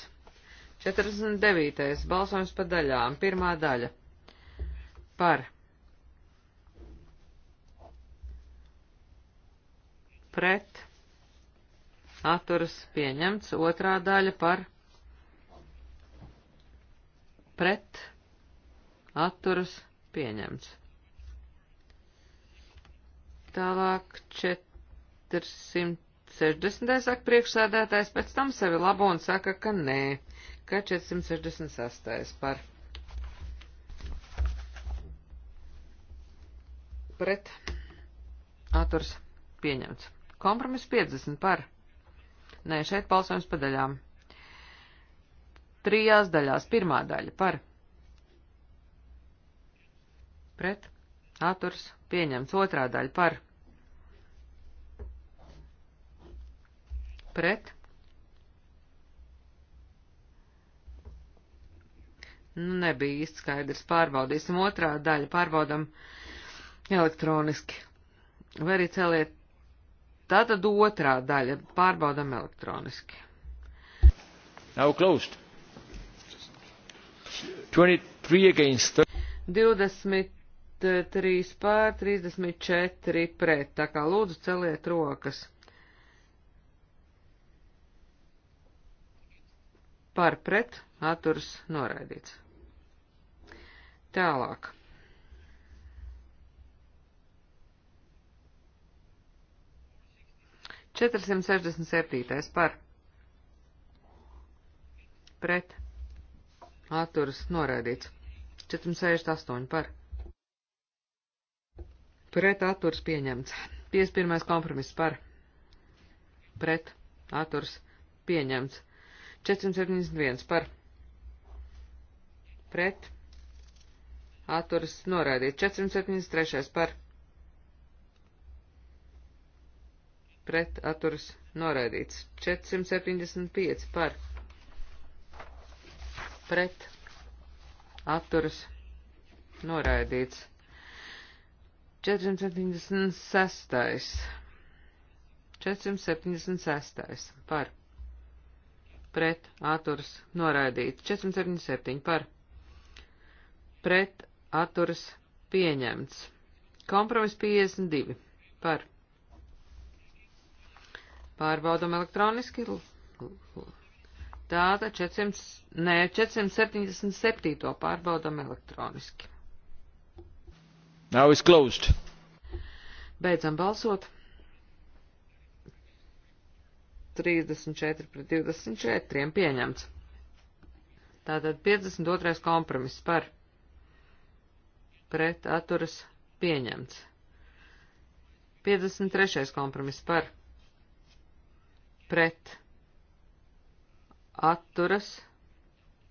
49. balsojums pa daļām. Pirmā daļa par pret, atturas pieņemts, otrā daļa par pret, atturas pieņemts. Tālāk 460. saka priekšsēdētājs, pēc tam sevi labo un saka, ka nē, ka 468. par pret, atturs pieņemts. Kompromis 50 par. Nē, šeit balsojums pa daļām. Trijās daļās. Pirmā daļa par. Pret. Atturs. Pieņemts. Otrā daļa par. Pret. Nu, nebija īsti skaidrs. Pārbaudīsim otrā daļa, pārbaudam elektroniski. Vai arī celiet Tātad otrā daļa pārbaudam elektroniski. Now closed. 23 against. 23 pār 34 pret, tā kā lūdzu celiet rokas. Par pret atturs noraidīts. Tālāk. 467. par pret atturas noraidīts. 468 par pret atturas pieņemts. 51. kompromiss par pret atturas pieņemts. 471 par pret atturas noraidīts. 473 par pret pret atturas noraidīts. 475 par pret atturas noraidīts. 476. 476 par pret atturas noraidīts. 477 par pret atturas pieņemts. Kompromis 52 par pret Pārbaudam elektroniski. Tāda 400, nē, 477. pārbaudam elektroniski. Now is closed. Beidzam balsot. 34 pret 24 pieņemts. Tātad 52. kompromiss par pret atturas pieņemts. 53. kompromiss par pret atturas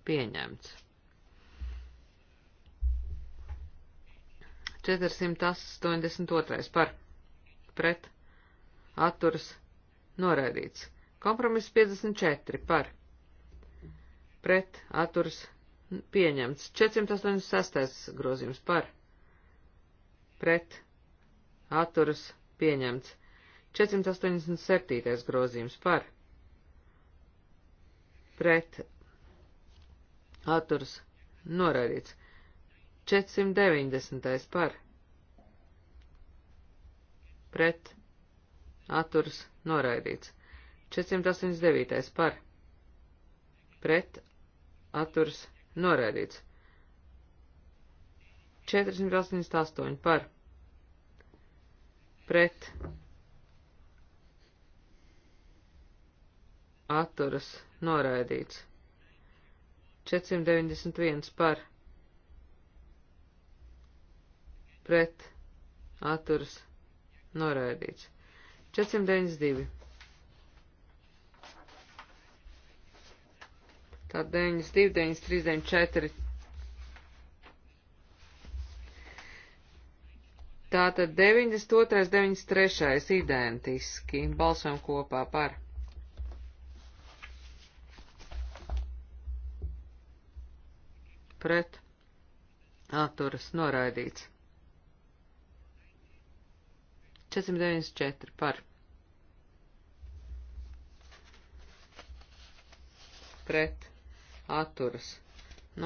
pieņemts. 482 par pret atturas noraidīts. Kompromiss 54 par pret atturas pieņemts. 486 grozījums par pret atturas pieņemts. 487. grozījums par pret atturs norādīts. 490. par pret atturs noraidīts. 489. par pret atturs noraidīts. 488 par pret atturas noraidīts. 491 par pret atturas noraidīts. 492. Tā 92, 93, 94. Tātad 92, 93 identiski. Balsojam kopā par pret atturas noraidīts. 494 par pret atturas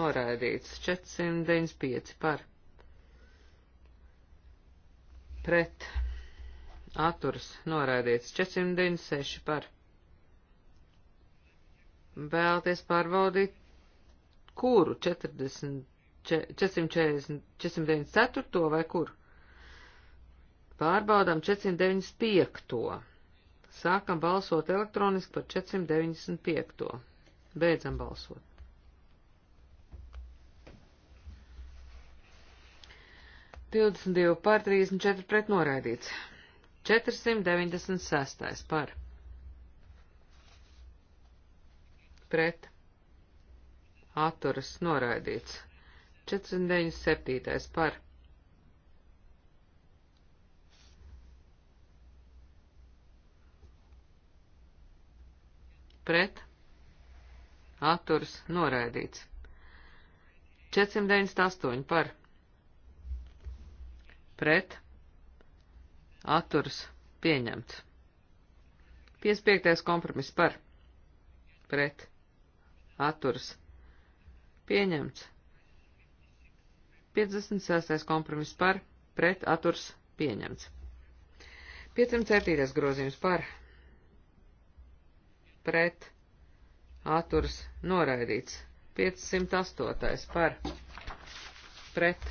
noraidīts. 495 par pret atturas noraidīts. 496 par vēlties pārbaudīt kuru? 40, 440, 494 vai kur? Pārbaudām 495. Sākam balsot elektroniski par 495. Beidzam balsot. Divdesmit divi pār trīsdesmit četri pret noraidīts. 496. par pret atturas noraidīts. 49.7. par pret atturas noraidīts. 498 par pret atturas pieņemts. 55. kompromiss par pret atturas Pieņemts. 56. kompromiss par, pret aturs pieņemts. 507. grozījums par, pret aturs noraidīts. 508. par, pret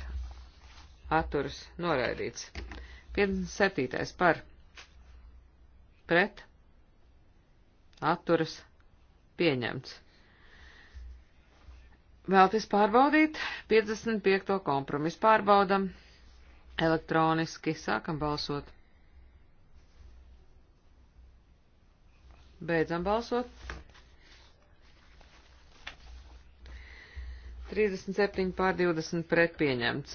aturs noraidīts. 57. par, pret aturs pieņemts. Vēlties pārbaudīt 55. kompromisu pārbaudam elektroniski. Sākam balsot. Beidzam balsot. 37 pār 20 pret pieņemts.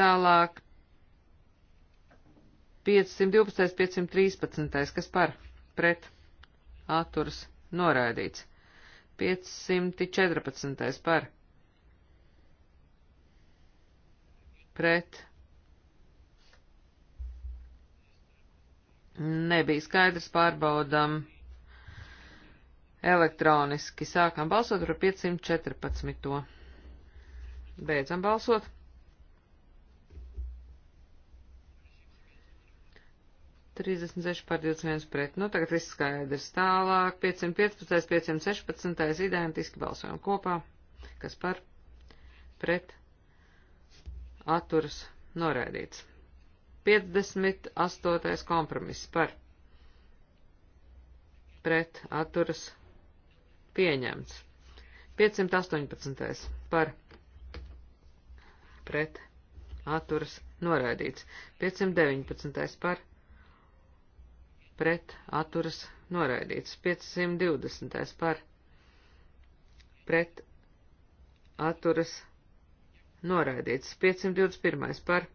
Tālāk 512, 513, kas par pret atturas noraidīts. 514. par pret. Nebija skaidrs, pārbaudam elektroniski. Sākam balsot par 514. Beidzam balsot. 36 pār 21 pret. Nu, tagad viss skaidrs. Tālāk 515, 516 identiski balsojam kopā. Kas par? Pret. Atturas noraidīts. 58. kompromiss par. Pret. Atturas pieņemts. 518. par. Pret. Atturas noraidīts. 519. par pret atturas noraidīts. 520. par pret atturas noraidīts. 521. par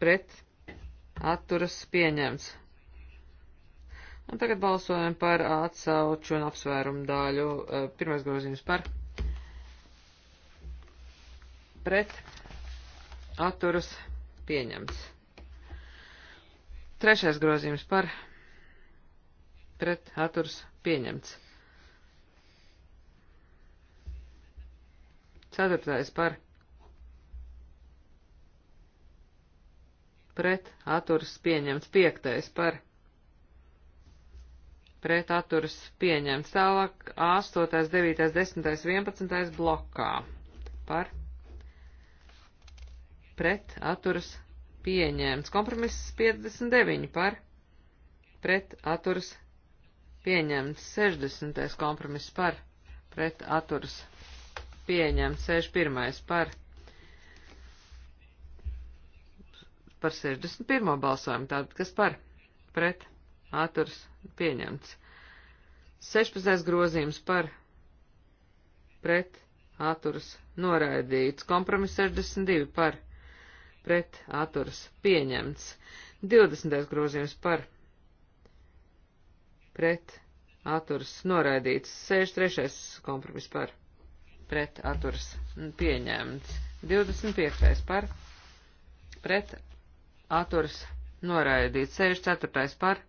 pret atturas pieņemts. Un tagad balsojam par atsauču un apsvērumu daļu. Eh, pirmais grozījums par pret atturas pieņemts. Trešais grozījums par pret atturs pieņemts. Ceturtais par pret atturs pieņemts. Piektais par pret atturs pieņemts. Tālāk 8., 9., 10., 11. blokā par pret atturs pieņemts pieņēmts. Kompromiss 59 par pret atturas pieņemts. 60. kompromiss par pret atturas pieņemts. 61. par par 61. balsojumu. Tātad, kas par pret atturas pieņemts. 16. grozījums par pret atturas noraidīts. Kompromiss 62 par pret atturas pieņemts. 20. grozījums par pret atturas noraidīts. 63. kompromiss par pret atturas pieņemts. 25. par pret atturas noraidīts. 64. par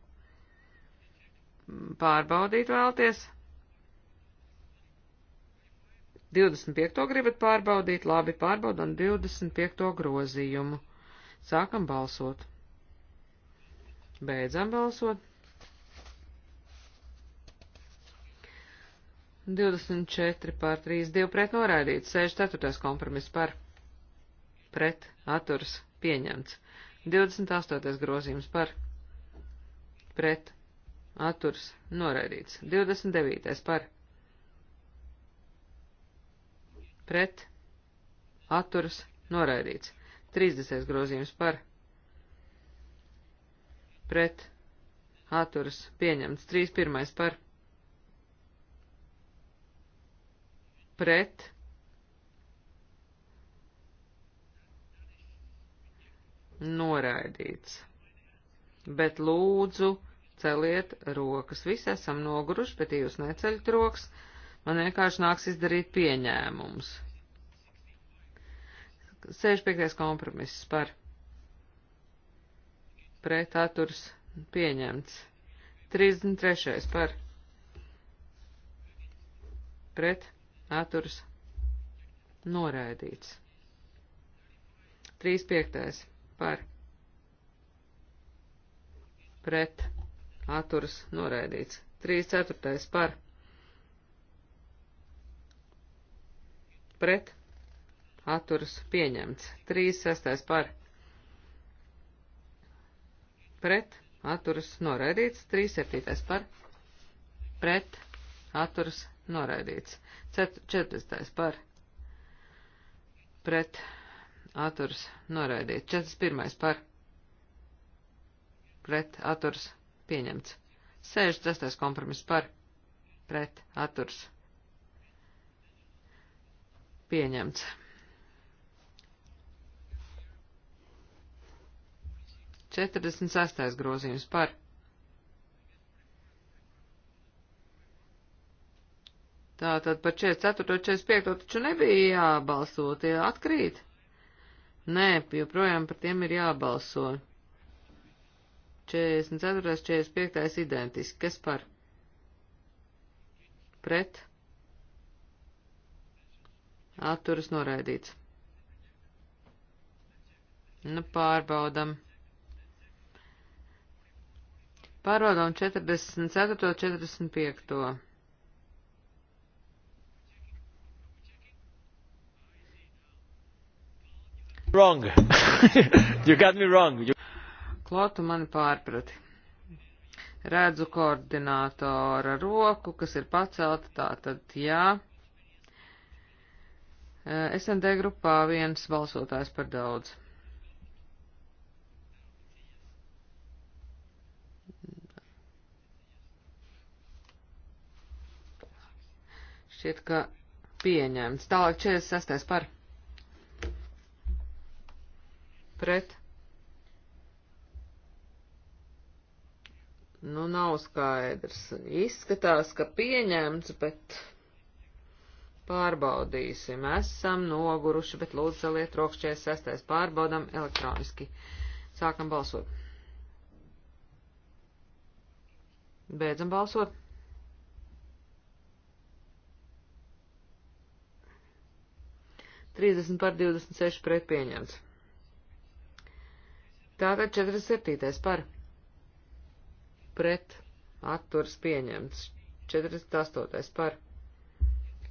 pārbaudīt vēlties. 25. gribat pārbaudīt, labi pārbaudam 25. grozījumu. Sākam balsot. Beidzam balsot. 24 pār 3, 2 pret noraidīts, 64. kompromiss par pret atturs pieņemts, 28. grozījums par pret atturs noraidīts, 29. par pret pret, atturas, noraidīts. 30. grozījums par, pret, atturas, pieņemts. 31. par, pret, noraidīts. Bet lūdzu, celiet rokas. Visi esam noguruši, bet jūs neceļat rokas. Man vienkārši nāks izdarīt pieņēmumus. 65. kompromiss par pret atturs pieņemts. 33. par pret atturs noraidīts. 35. par pret atturs noraidīts. 34. par pret pret, atturas pieņemts. 36. par, pret, atturas noraidīts. 37. par, pret, atturas noraidīts. 40. par, pret, atturas noraidīts. 41. par, pret, atturas pieņemts. 66. kompromiss par, pret, atturas Pieņemts. Četrdesmit sastais grozījums par. Tātad par 44. un 45. taču nebija jābalso, tie atkrīt. Nē, joprojām par tiem ir jābalso. 44. 45. identiski. Kas par? Pret? atturas noraidīts. Nu, pārbaudam. Pārbaudam 44. 45. Wrong. you got me wrong. You... Klotu mani pārprati. Redzu koordinātora roku, kas ir pacelta, tā tad jā. Eh, SND grupā viens balsotājs par daudz. Šķiet, ka pieņemts. Tālāk 46. par. Pret. Nu, nav skaidrs. Izskatās, ka pieņemts, bet Pārbaudīsim, esam noguruši, bet lūdzu saliet rokas 46. Pārbaudam elektroniski. Sākam balsot. Beidzam balsot. Trīsdesmit par divdesmit seši pret pieņemts. Tātad 47. par pret atturs pieņemts. 48. par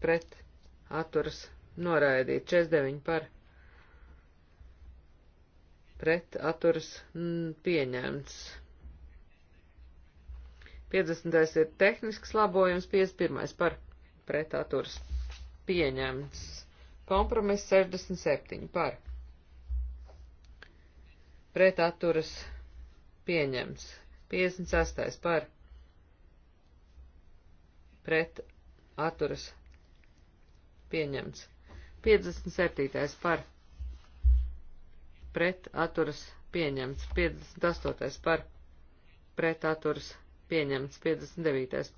pret atturas noraidīt 49 par pret atturas pieņemts. 50. ir tehnisks labojums, 51. par pret atturas pieņemts. Kompromiss 67 par pret atturas pieņemts. 56. par pret atturas pieņemts pieņemts. 57. par pret atturas pieņemts. 58. par pret atturas pieņemts. 59.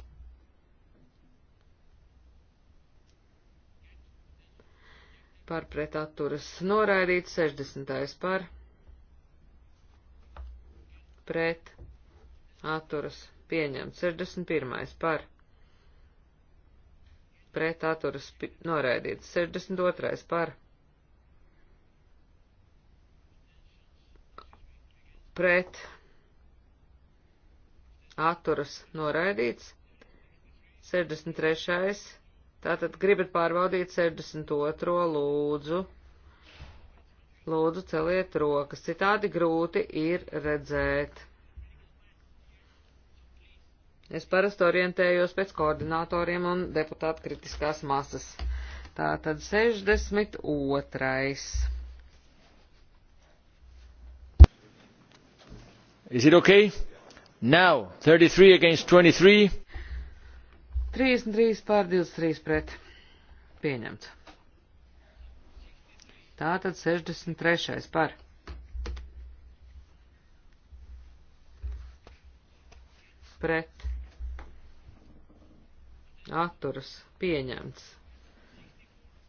par pret atturas noraidīts. 60. par pret atturas pieņemts. 61. par pret pret atturas noraidīts. 62. par pret atturas noraidīts. 63. Tātad gribat pārbaudīt 62. lūdzu. Lūdzu, celiet rokas, citādi grūti ir redzēt. Es parasti orientējos pēc koordinatoriem un deputātu kritiskās masas. Tā tad 62. Is it okay? Now, 33 against 23. 33 pār 23 pret. Pieņemts. Tātad 63 par. Pret atturas pieņemts.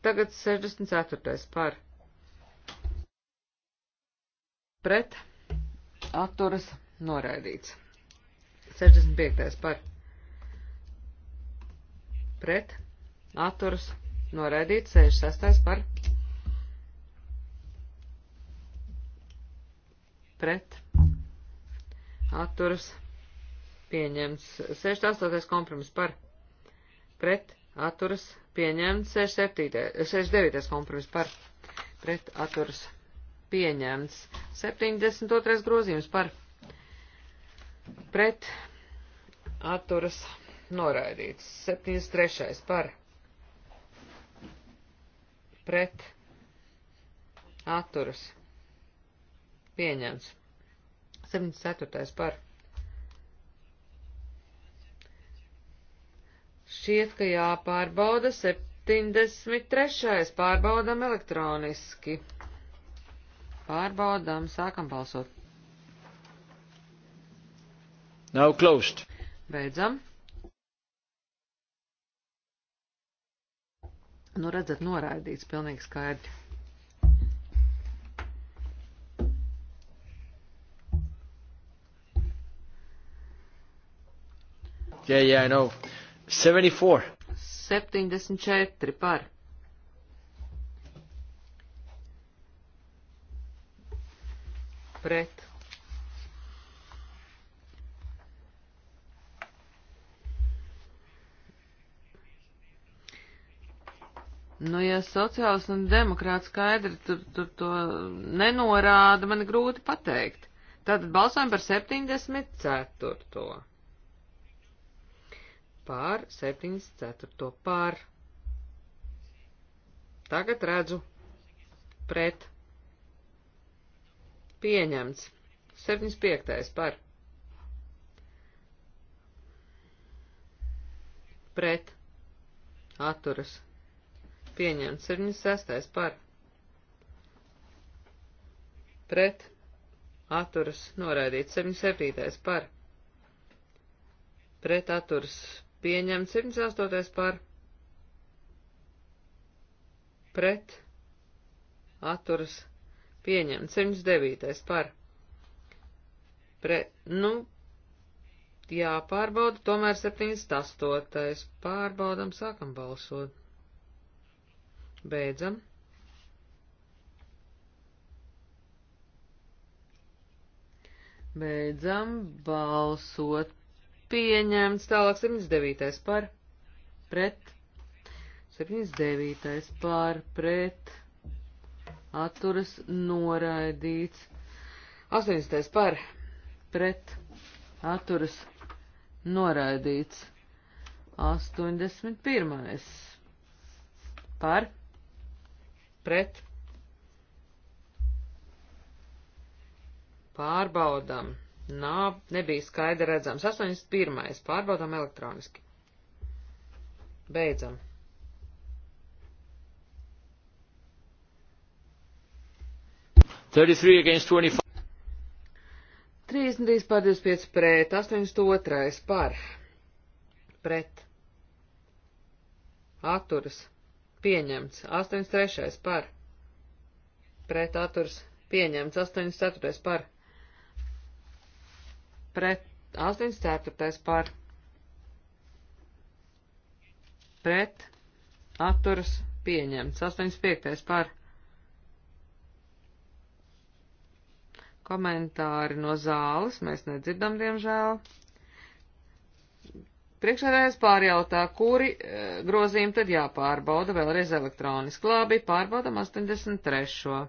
Tagad 64. par pret atturas noraidīts. 65. par pret atturas noraidīts. 66. par pret atturas pieņemts. 68. kompromiss par pret pret atturas pieņemts 69. kompromiss par pret atturas pieņemts 72. grozījums par pret atturas noraidīts 73. par pret atturas pieņemts 74. par Šķiet, ka jāpārbauda 73. pārbaudam elektroniski. Pārbaudām, sākam balsot. Now closed. Beidzam. Nu, redzat, noraidīts pilnīgi skaidri. Yeah, yeah, I know. 74. 74 par. Pret. Nu, ja sociāls un demokrāts skaidri tur, tur to nenorāda, man grūti pateikt. Tātad balsojam par 74 pār 74. pār. Tagad redzu pret. Pieņemts. 75. par. Pret. Atturas. Pieņemts. 76. par. Pret. Atturas. Noraidīts. 77. par. Pret. Atturas pieņemts 78. par pret atturas pieņemts 79. par pret, nu, jāpārbauda, tomēr 78. pārbaudam, sākam balsot. Beidzam. Beidzam balsot pieņemts, tālāk 79. par pret, 79. par pret, atturas noraidīts, 80. par pret, atturas noraidīts, 81. par pret, pārbaudam. Nā, nebija skaidri redzams. 81. pārbaudām elektroniski. Beidzam. Thirty-three against twenty-five. 33 pār 25 pret, 82 pār, pret, atturas, pieņemts, 83 pār, pret atturas, pieņemts, 84 pār pret 84. par pret atturas pieņemts. 85. par komentāri no zāles mēs nedzirdam, diemžēl. Priekšsēdājais pārjautā, kuri e, grozījumi tad jāpārbauda vēlreiz elektroniski. Labi, pārbaudam 83.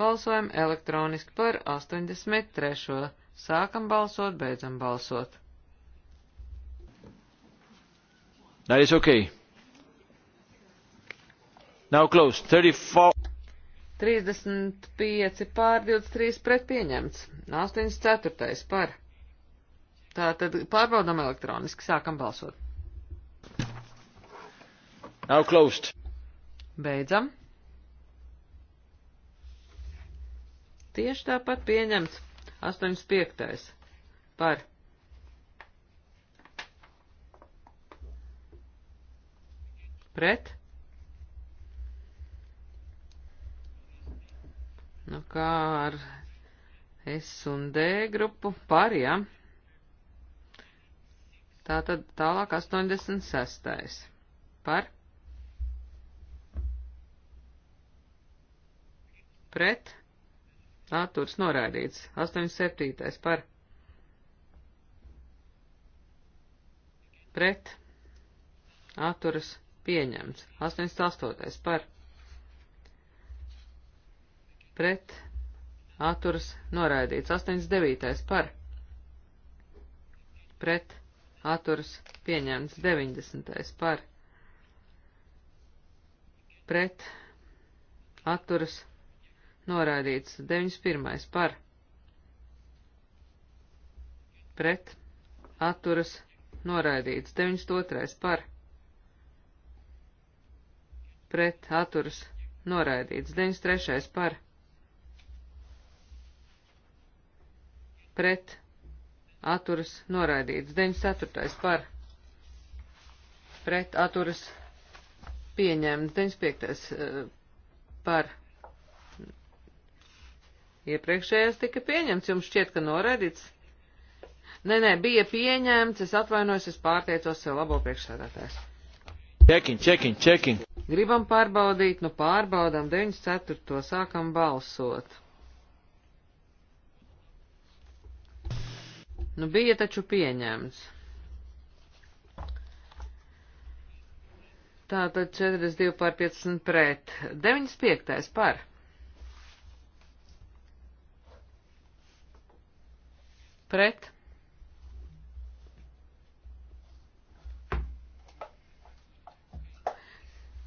Balsojam elektroniski par 83. Sākam balsot, beidzam balsot. That is okay. Now closed. 34. 35 pār 23 pret pieņemts. 84 par. Tā tad pārbaudam elektroniski, sākam balsot. Now closed. Beidzam. Tieši tāpat pieņemts. 85. par pret. Nu, kā ar S un D grupu par, ja? Tā tad tālāk 86. Par. Pret. Atturs noraidīts. 87. par. Pret. Atturas pieņemts. 88. par. Pret. Atturas noraidīts. 89. par. Pret. Atturas pieņemts. 90. par. Pret. Atturas pieņemts Noraidīts. 91. par. Pret. Atturas. Noraidīts. 92. par. Pret. Atturas. Noraidīts. 93. par. Pret. Atturas. Noraidīts. 94. par. Pret. Atturas. Pieņemts. 95. Eh, par Iepriekšējais tika pieņemts, jums šķiet, ka noraidīts. Nē, nē, bija pieņemts, es atvainojos, es pārteicos sev labo priekšsēdētājs. Čekin, čekin, čekin. Gribam pārbaudīt, nu pārbaudām 94. sākam balsot. Nu bija taču pieņemts. Tātad 42 pār 50 pret, 95 par. pret.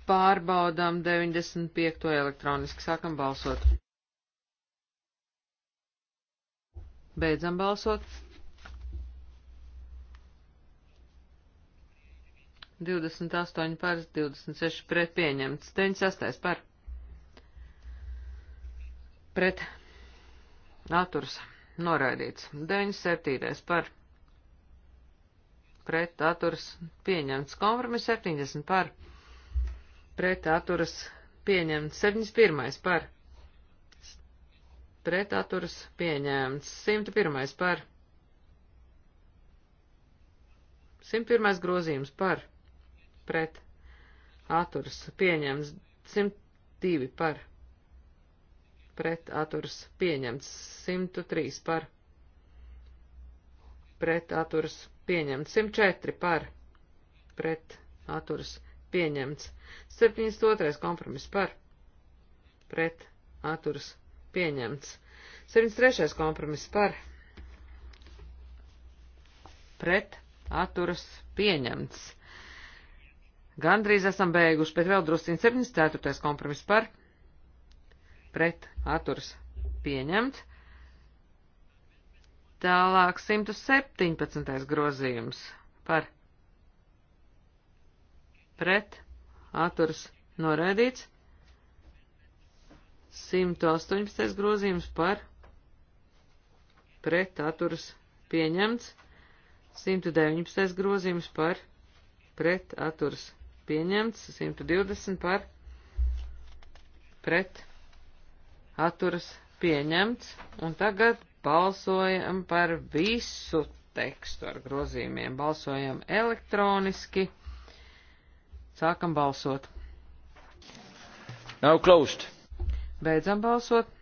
Pārbaudām 95. elektroniski sākam balsot. Beidzam balsot. 28 par, 26 pret pieņemts, 96 par. Pret. Atturs noraidīts. 97. par pret atturas pieņemts. Kompromis 70 par pret atturas pieņemts. 71. par pret atturas pieņemts. 101. par 101. grozījums par pret atturas pieņemts. 102 par pret pret atturas pieņemts 103 par, pret atturas pieņemts 104 par, pret atturas pieņemts 72. kompromiss par, pret atturas pieņemts 73. kompromiss par, pret atturas pieņemts. Gandrīz esam beiguši, bet vēl drusciņi 74. kompromiss par, pret atturs pieņemts. Tālāk 117. grozījums par pret atturs noraidīts. 118. grozījums par pret atturs pieņemts. 119. grozījums par pret atturs pieņemts. 120 par pret atturs atturas pieņemts, un tagad balsojam par visu tekstu ar grozījumiem. Balsojam elektroniski. Sākam balsot. Nav klaust. Beidzam balsot.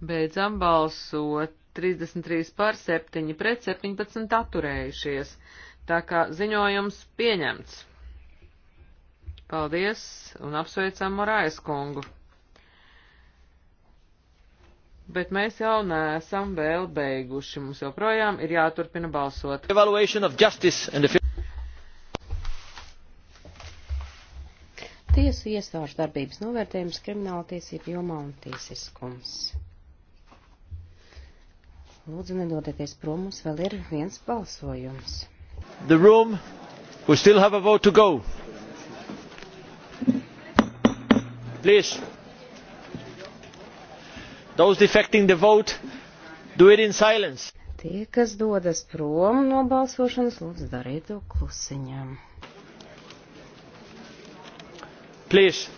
Beidzam balsot 33 par 7 pret 17 atturējušies, tā kā ziņojums pieņemts. Paldies un apsveicam Morājas kungu. Bet mēs jau neesam vēl beiguši. Mums joprojām ir jāturpina balsot. Tiesu iestāžu darbības novērtējums krimināla tiesību jomā un tiesiskums. Lūdzu, nedodieties prom, mums vēl ir viens balsojums. The room, we still have a vote to go. Please. Those defecting the vote, do it in silence. Tie, kas dodas prom no balsošanas, lūdzu, dariet to klusiņam. Please.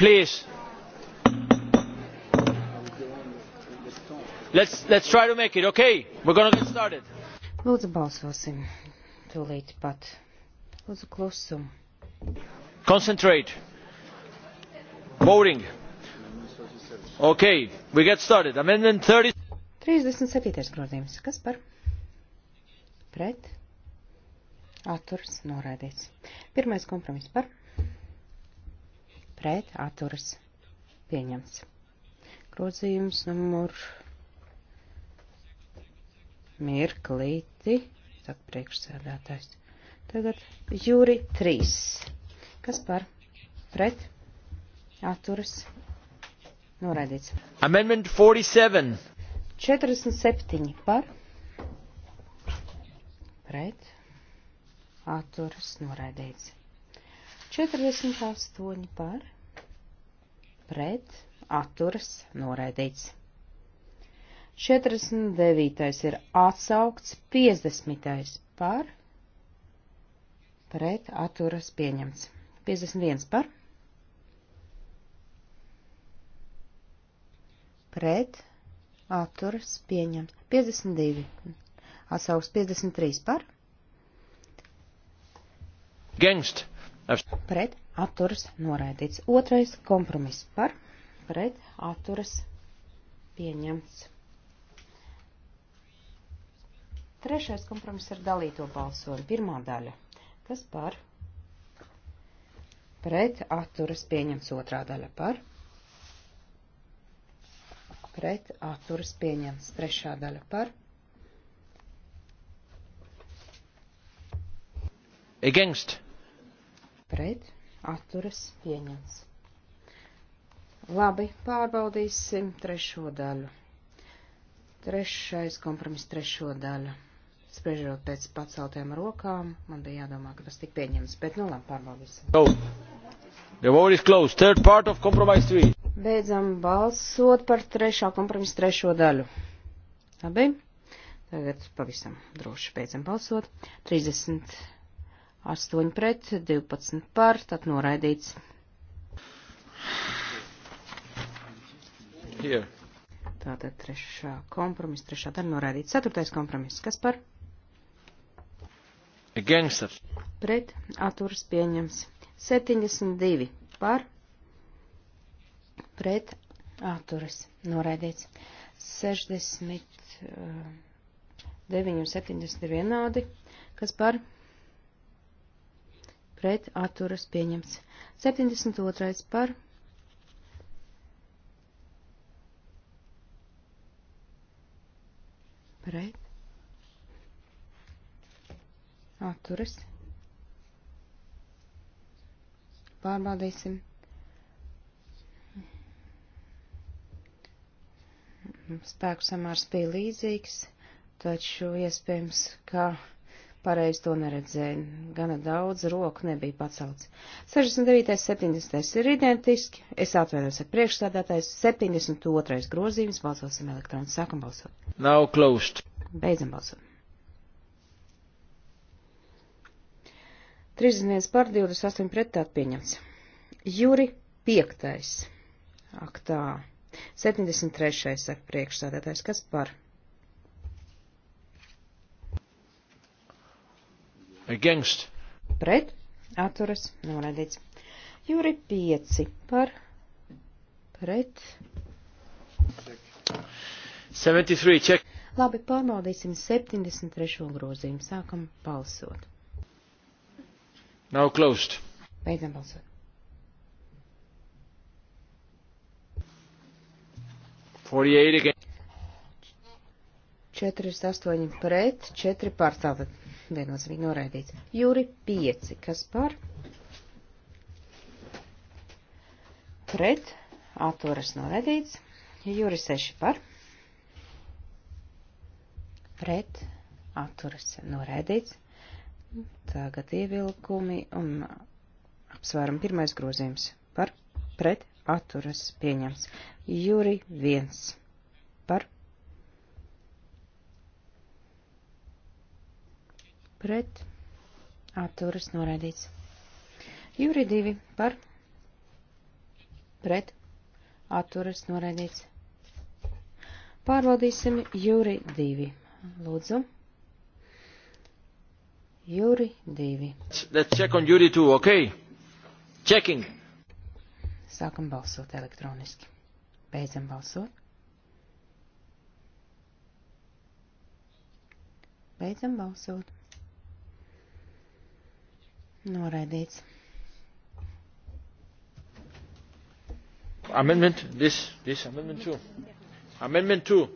please. Let's, let's try to make it, okay? We're gonna get started. Lūdzu, balsosim. Tūlīt pat. Lūdzu, klusumu. Concentrate. Voting. Okay, we get started. Amendment 30. 37. grozījums. Kas par? Pret. Atturs norādīts. Pirmais kompromiss par pret atturas pieņemts. Grozījums numur mirklīti, saka priekšsēdētājs. Tagad jūri trīs. Kas par pret atturas noraidīts? Amendment 47. 47 par pret atturas noraidīts. 48 par, pret, atturas, noraidīts. 49. ir atsaukts, 50. par, pret, atturas, pieņemts. 51 par, pret, atturas, pieņemts. 52. Atsauks 53 par. Gangst Ar... Pret atturas noraidīts. Otrais kompromiss par pret atturas pieņemts. Trešais kompromiss ir dalīto balsojumu. Pirmā daļa. Kas par? Pret atturas pieņemts otrā daļa par. Pret atturas pieņemts trešā daļa par. Against pret, atturas pieņems. Labi, pārbaudīsim trešo daļu. Trešais kompromiss trešo daļu. Spriežot pēc paceltiem rokām, man bija jādomā, ka tas tik pieņems, bet nu labi, pārbaudīsim. No. The vote is closed. Third part of compromise 3. Beidzam balsot par trešā kompromisa trešo daļu. Labi. Tagad pavisam droši beidzam balsot. 30 8 pret, 12 par, tad noraidīts. Here. Tātad trešā kompromiss, trešā daļa noraidīts. Ceturtais kompromiss, kas par? Against. Pret atturas pieņems. 72 par. Pret atturas noraidīts. 69 eh, un 70 ir vienādi. Kas par? pret atturas pieņemts. 72. par pret atturas. Pārbaudīsim. Spēku samārs bija līdzīgs, taču iespējams, ka. Kā pareizi to neredzēju. Gana daudz roku nebija pacelts. 69. 70. ir identiski. Es atvainojos ar priekšstādātais. 72. grozījums. Balsosim elektroniski. Sākam balsot. Nav closed. Beidzam balsot. 31 par 28 pret tā pieņemts. Juri 5. Ak tā. 73. saka priekšstādātais. Kas par? Against. Pret. Atturas. Noraidīts. Jūri 5 par. Pret. 73. Check. Labi, pārbaudīsim 73. grozījumu. Sākam balsot. Now closed. Beidzam balsot. Forty-eight again. 48 pret, 4 pārstāvēt viennozīmīgi noraidīts. Jūri 5, kas par pret atturas noraidīts. Jūri 6 par pret atturas noraidīts. Tagad ievilkumi un apsvērum pirmais grozījums par pret atturas pieņems. Jūri 1 pret atturas noraidīts. Jūri 2 par pret atturas noraidīts. Pārbaudīsim Jūri 2. Lūdzu. Jūri 2. Let's check on Jūri 2, ok? Checking. Sākam balsot elektroniski. Beidzam balsot. Beidzam balsot. Noraidīts. Amendment, this, this amendment too. Amendment too.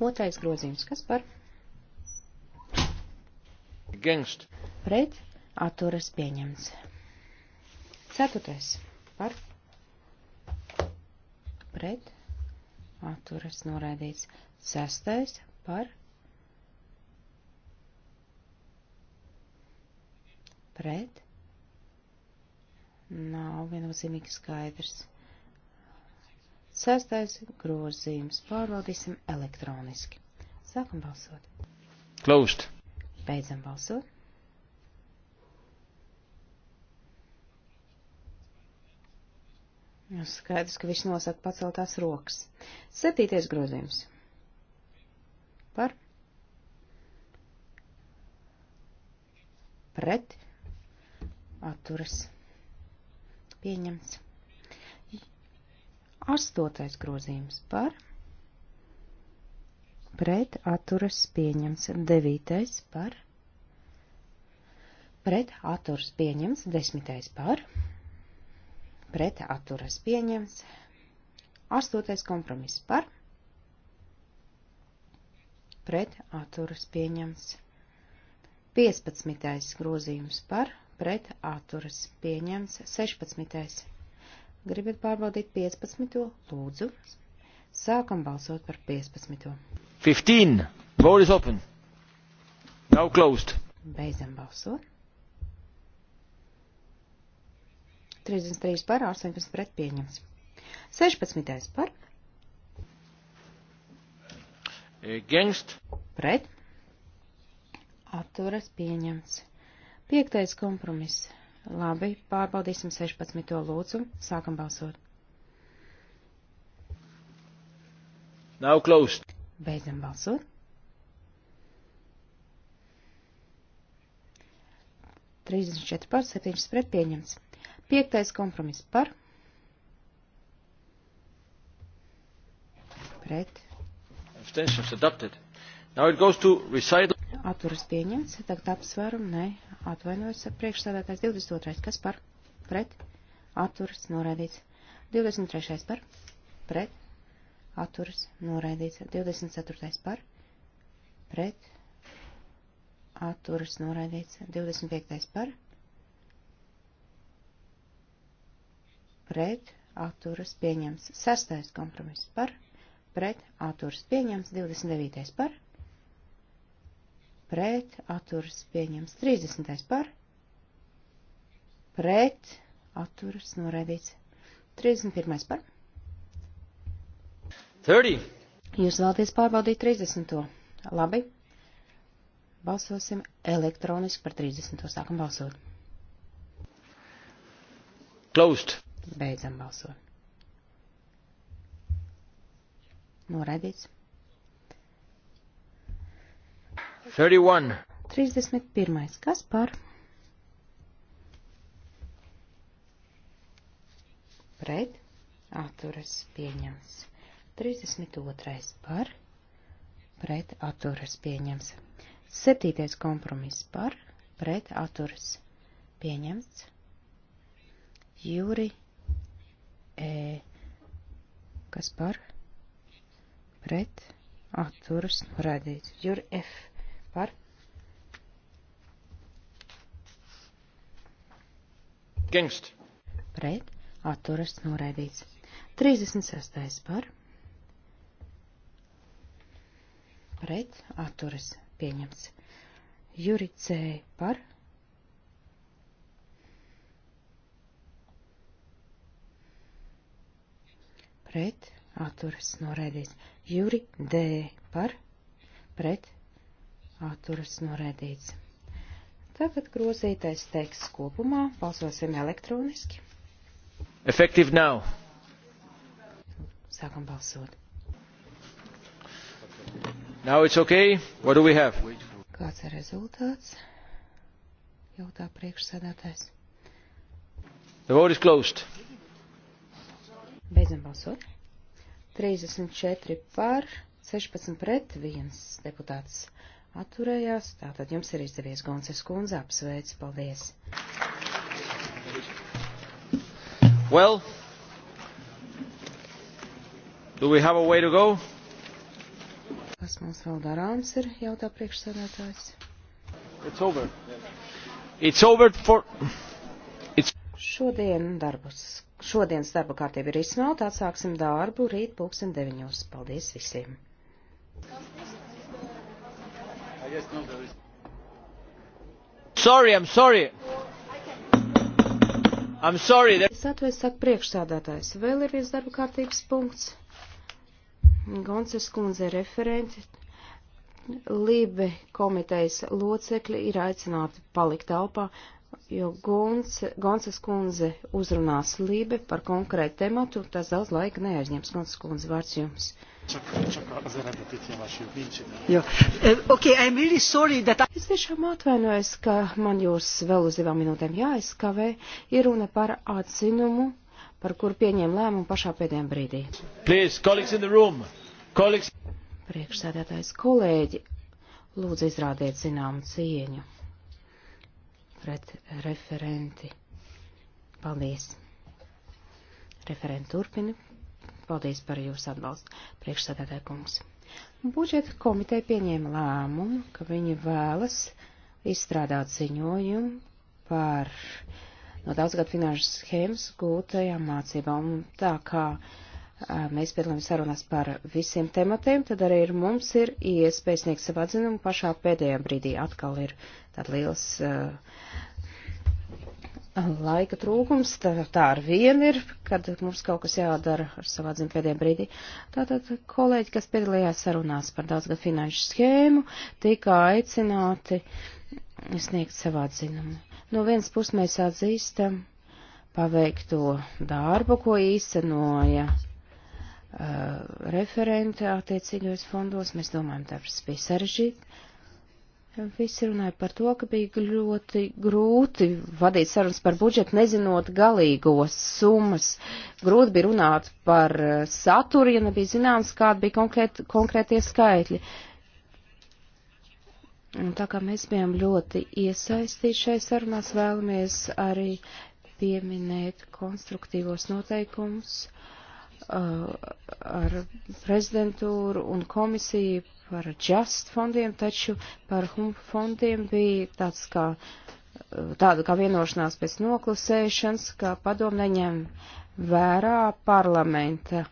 Otrais grozījums, kas par? Against. Pret, atturas pieņemts. Ceturtais, par? Pret, atturas noraidīts. Sestais, par? pret nav viennozīmīgi skaidrs. Sestais grozījums. Pārbaudīsim elektroniski. Sākam balsot. Klaust. Beidzam balsot. Nu, skaidrs, ka viņš nosaka paceltās rokas. Septītais grozījums. Par. Pret atturas pieņemts. Astotais grozījums par pret atturas pieņems. Devītais par pret atturas pieņems. Desmitais par pret atturas pieņems. Astotais kompromiss par pret atturas pieņems. Piecpadsmitais grozījums par pret pret atturas pieņemts 16. Gribat pārbaudīt 15. lūdzu. Sākam balsot par 15. 15. Vote is open. Now closed. Beidzam balsot. 33 par 18 pret pieņems. 16. par. Against. Pret. Atturas pieņems. Piektais kompromiss. Labi, pārbaudīsim 16. lūdzu. Sākam balsot. Nav closed. Beidzam balsot. Trīsdesmit četri par, septiņas pret pieņemts. Piektais kompromiss par. Pret. Abstentions adopted. Now it goes to recital atturas pieņemts, tagad apsvaram, nē, atvainojas priekšsēdētājs 22. kas par, pret, atturas noraidīts, 23. par, pret, atturas noraidīts, 24. par, pret, atturas noraidīts, 25. par, pret, atturas pieņemts, 6. kompromiss par, pret, atturas pieņemts, 29. par, pret, pret, atturas pieņems. 30. par, pret, atturas noraidīts. 31. par. 30. Jūs vēlaties pārbaudīt 30. Labi. Balsosim elektroniski par 30. Sākam balsot. Closed. Beidzam balsot. Noraidīts. 31. 31. Kas par? Pret. Atturas pieņems. 32. Par. Pret. Atturas pieņems. 7. Kompromiss par. Pret. Atturas pieņemts. Jūri. E. Kas par? Pret. Atturas radīts. Jūri F par. Gengst. Pret. Atturas noraidīts. 36. par. Pret. Atturas pieņemts. Juricē par. Pret. Atturas noraidīts. Juri D. par. Pret atturas norēdīts. Tagad grozītais teksts kopumā. Balsosim elektroniski. Effective now. Sākam balsot. Now it's okay. What do we have? Kāds ir rezultāts? Jautā priekšsēdētājs. The vote is closed. Beidzam balsot. 34 par, 16 pret, 1 deputāts atturējās. Tātad jums ir izdevies Gonces kundze apsveic. Paldies! Well, do we have a way to go? Kas mums vēl darāms ir, jautā priekšsēdētājs. It's over. It's over for... It's... Šodien darbus. Šodienas darba kārtība ir izsmelta, atsāksim darbu, rīt pulksim deviņos. Paldies visiem! Paldies. Yes, no, there is. Sorry, I'm sorry. I'm sorry. There... Es atveju, saka priekšsādātājs. Vēl ir viens darba kārtības punkts. Gonces kundze referenti. Lībe komitejas locekļi ir aicināti palikt telpā jo Gons, Gonsas kundze uzrunās Lībe par konkrētu tematu, tas daudz laika neaizņems. Gonsas kundze, vārds jums. Jo, eh, okay, I'm really sorry that I... Es tiešām atvainojos, ka man jūs vēl uz divām minūtēm jāizskavē. Ir runa par atzinumu, par kur pieņēma lēmumu pašā pēdējā brīdī. Please, colleagues in the room. Colleagues... Priekšsēdētājs kolēģi, lūdzu izrādiet zināmu cieņu pret referenti. Paldies. Referenti turpina. Paldies par jūsu atbalstu, priekšsēdētāj kungs. Budžeta komiteja pieņēma lēmumu, ka viņi vēlas izstrādāt ziņojumu par no daudzgad finanšu schēmas gūtajām mācībām. Tā kā mēs piedalāmies sarunās par visiem tematiem, tad arī ir, mums ir iespējas sniegt savu atzinumu pašā pēdējā brīdī. Atkal ir tad liels uh, laika trūkums, tā, tā ar vienu ir, kad mums kaut kas jādara ar savā dzimu pēdējā brīdī. Tātad kolēģi, kas piedalījās sarunās par daudzgad finanšu schēmu, tika aicināti sniegt savā dzinumu. No vienas puses mēs atzīstam paveikto darbu, ko īstenoja uh, eh, referente attiecīgajos fondos. Mēs domājam, tāpēc bija sarežģīti Visi runāja par to, ka bija ļoti grūti vadīt sarunas par budžetu, nezinot galīgos summas. Grūti bija runāt par eh, saturu, ja nebija zināms, kāda bija konkrēt, konkrētie skaitļi. Un tā kā mēs bijām ļoti iesaistīti šai sarunās, vēlamies arī pieminēt konstruktīvos noteikumus. Uh, Uh, ar prezidentūru un komisiju par just fondiem, taču par hump fondiem bija tāds kā, uh, tāda kā vienošanās pēc noklusēšanas, ka padom neņem vērā parlamenta uh,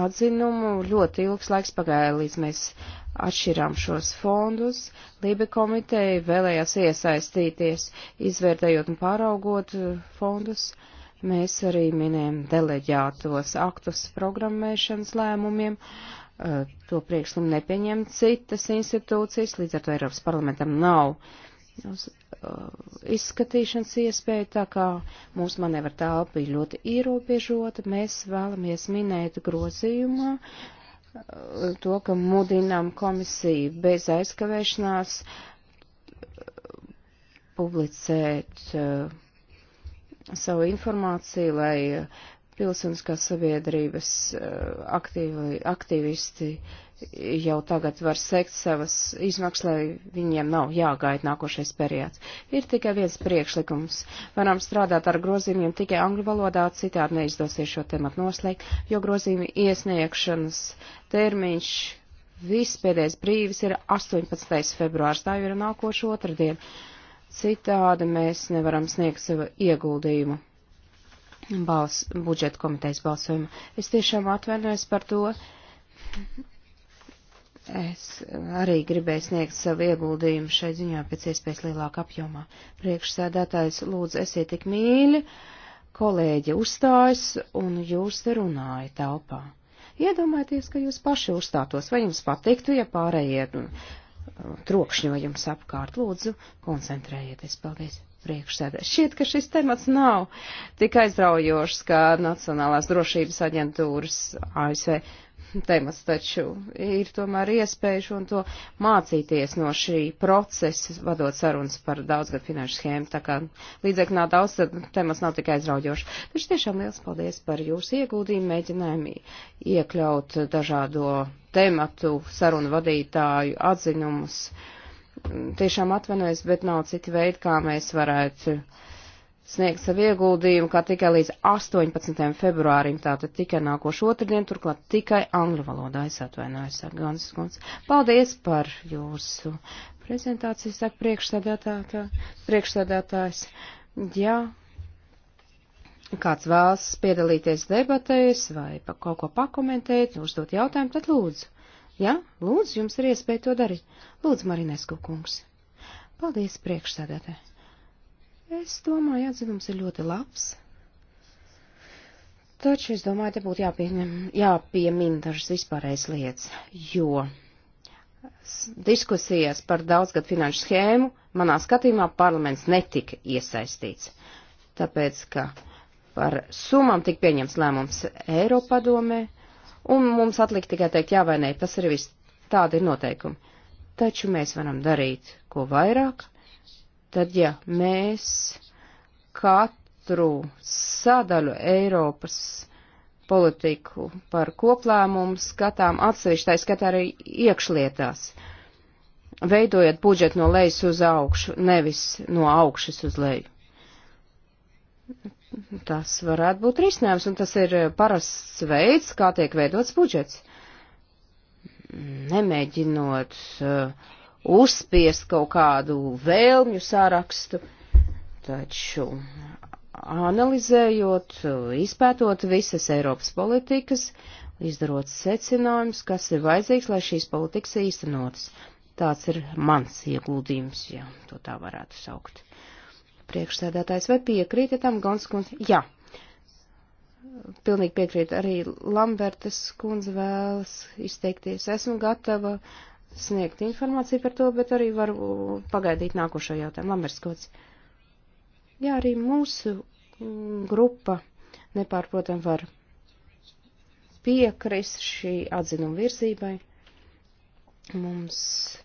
atzinumu. Ļoti ilgs laiks pagāja, līdz mēs atšķirām šos fondus. Lībe komiteja vēlējās iesaistīties, izvērtējot un pāraugot fondus. Uh, Mēs arī minējam deleģētos aktus programmēšanas lēmumiem. To priekšlikumu nepieņem citas institūcijas, līdz ar to Eiropas parlamentam nav uz izskatīšanas iespēja, tā kā mūsu manevra telpa ir ļoti ierobežota. Mēs vēlamies minēt grozījumā to, ka mudinām komisiju bez aizkavēšanās publicēt uh, savu informāciju, lai eh, pilsoniskās sabiedrības eh, aktīvi, aktīvisti jau tagad var sekt savas izmaksas, lai viņiem nav jāgaida nākošais periods. Ir tikai viens priekšlikums. Varam strādāt ar grozījumiem tikai angļu valodā, citādi neizdosies šo tematu noslēgt, jo grozījumi iesniegšanas termiņš vispēdējais brīvis ir 18. februārs, tā jau ir nākoša otrdiena Citādi mēs nevaram sniegt savu ieguldījumu bals, budžeta komitejas balsojumu. Es tiešām atvainojos par to. Es arī gribēju sniegt savu ieguldījumu šai ziņā pēc iespējas lielākā apjomā. Priekšsēdētājs lūdzu esiet tik mīļi, kolēģi uzstājas un jūs te runājat telpā. Iedomājieties, ka jūs paši uzstātos, vai jums patiktu, ja pārējie trokšņojums apkārt. Lūdzu, koncentrējieties. Paldies! priekšsēdē. Šķiet, ka šis temats nav tik aizraujošs kā Nacionālās drošības aģentūras ASV temats, taču ir tomēr iespēja šo un to mācīties no šī procesa, vadot sarunas par daudzgad finanšu schēmu, tā kā līdzekļi nav daudz, tad temats nav tikai aizraujoši. Taču tiešām liels paldies par jūsu ieguldījumu, mēģinājumu iekļaut dažādo tematu sarunu vadītāju atziņumus. Tiešām atvainojos, bet nav citi veidi, kā mēs varētu uh, sniegt savu ieguldījumu, kā tikai līdz 18. februārim, tātad tikai nākošu otrdien, turklāt tikai angļu valodā es atvainojos, saka Gansas kundze. Paldies par jūsu prezentāciju, saka priekšsēdētā, priekšsēdētājs. Jā, kāds vēlas piedalīties debatēs vai pa kaut ko pakomentēt, uzdot jautājumu, tad lūdzu. Jā, lūdzu, jums ir iespēja to darīt. Lūdzu, Marinesku kungs. Paldies, priekšsēdētāji. Es domāju, atzinums ir ļoti labs. Taču es domāju, te būtu jāpieņem, jāpiemin dažas vispārējas lietas, jo diskusijās par daudzgad finanšu schēmu manā skatījumā parlaments netika iesaistīts, tāpēc, ka par summām tika pieņems lēmums Eiropadomē, un mums atlika tikai teikt jā vai nē, tas ir viss, tādi ir noteikumi. Taču mēs varam darīt ko vairāk, tad ja mēs katru sadaļu Eiropas politiku par koplēmumu skatām atsevišķi, tā skatā arī iekšlietās, veidojot budžetu no lejas uz augšu, nevis no augšas uz leju. Tas varētu būt risinājums, un tas ir parasts veids, kā tiek veidots budžets. Nemēģinot uh, uzspiest kaut kādu vēlmju sārakstu, taču analizējot, izpētot visas Eiropas politikas, izdarot secinājumus, kas ir vajadzīgs, lai šīs politikas īstenotas. Tāds ir mans ieguldījums, ja to tā varētu saukt. Priekšsēdētājs vai piekrīti tam Gonskundze? Jā. Pilnīgi piekrīt arī Lambertas kundze vēlas izteikties. Esmu gatava sniegt informāciju par to, bet arī varu pagaidīt nākošo jautājumu. Lamberskots. Jā, arī mūsu mm, grupa nepārprotam var piekrist šī atzinuma virzībai. Mums,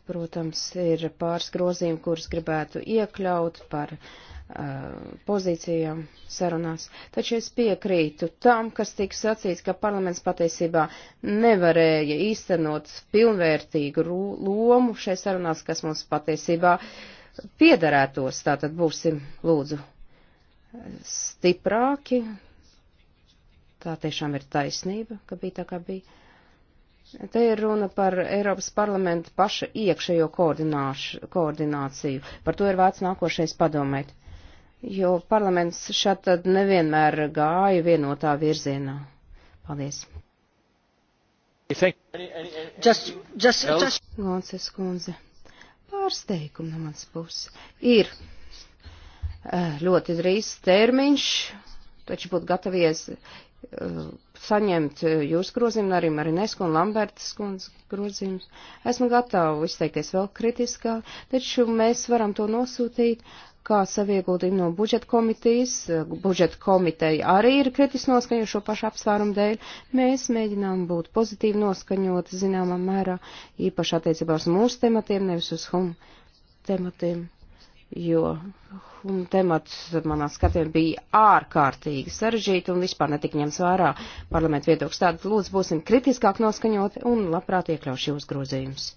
protams, ir pāris grozījumi, kurus gribētu iekļaut par uh, Eh, pozīcijām sarunās. Taču es piekrītu tam, kas tika sacīts, ka parlaments patiesībā nevarēja īstenot pilnvērtīgu lomu šai sarunās, kas mums patiesībā piederētos. Tātad būsim lūdzu stiprāki. Tā tiešām ir taisnība, ka bija tā kā bija. Te ir runa par Eiropas parlamentu paša iekšējo koordināciju. Par to ir vērts nākošais padomēt jo parlaments šad tad nevienmēr gāja vienotā virzienā. Paldies. Just, just, just. Lonces kundze, pārsteigumi no manas puses. Ir eh, ļoti drīz termiņš, taču būtu gatavies eh, saņemt eh, jūsu grozījumu, arī Marinesku un Lambertas kundzes grozījumus. Esmu gatava izteikties vēl kritiskāk, taču mēs varam to nosūtīt kā savu ieguldījumu no budžeta komitejas. Budžeta komiteja arī ir kritis noskaņot šo pašu apsvērumu dēļ. Mēs mēģinām būt pozitīvi noskaņot, zināmā mērā, īpaši attiecībā uz mūsu tematiem, nevis uz hum tematiem jo hm, temats manā skatījumā bija ārkārtīgi sarežģīti un vispār netika ņemts vērā parlamentu viedoklis. Tātad lūdzu būsim kritiskāk noskaņoti un labprāt iekļaušu jūs grozījumus.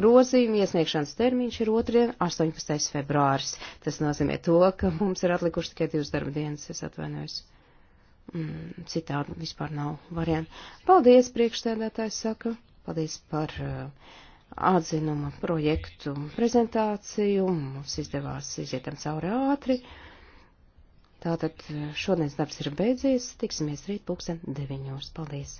Grozījuma iesniegšanas termiņš ir otrdien, 18. februāris. Tas nozīmē to, ka mums ir atlikuši tikai divas darba dienas, es atvainojos. Mm, citādi vispār nav variantu. Paldies, priekšstādātājs saka. Paldies par uh, atzinuma projektu prezentāciju. Mums izdevās izietam cauri ātri. Tātad šodienas darbs ir beidzies. Tiksimies rīt pulksten deviņos. Paldies!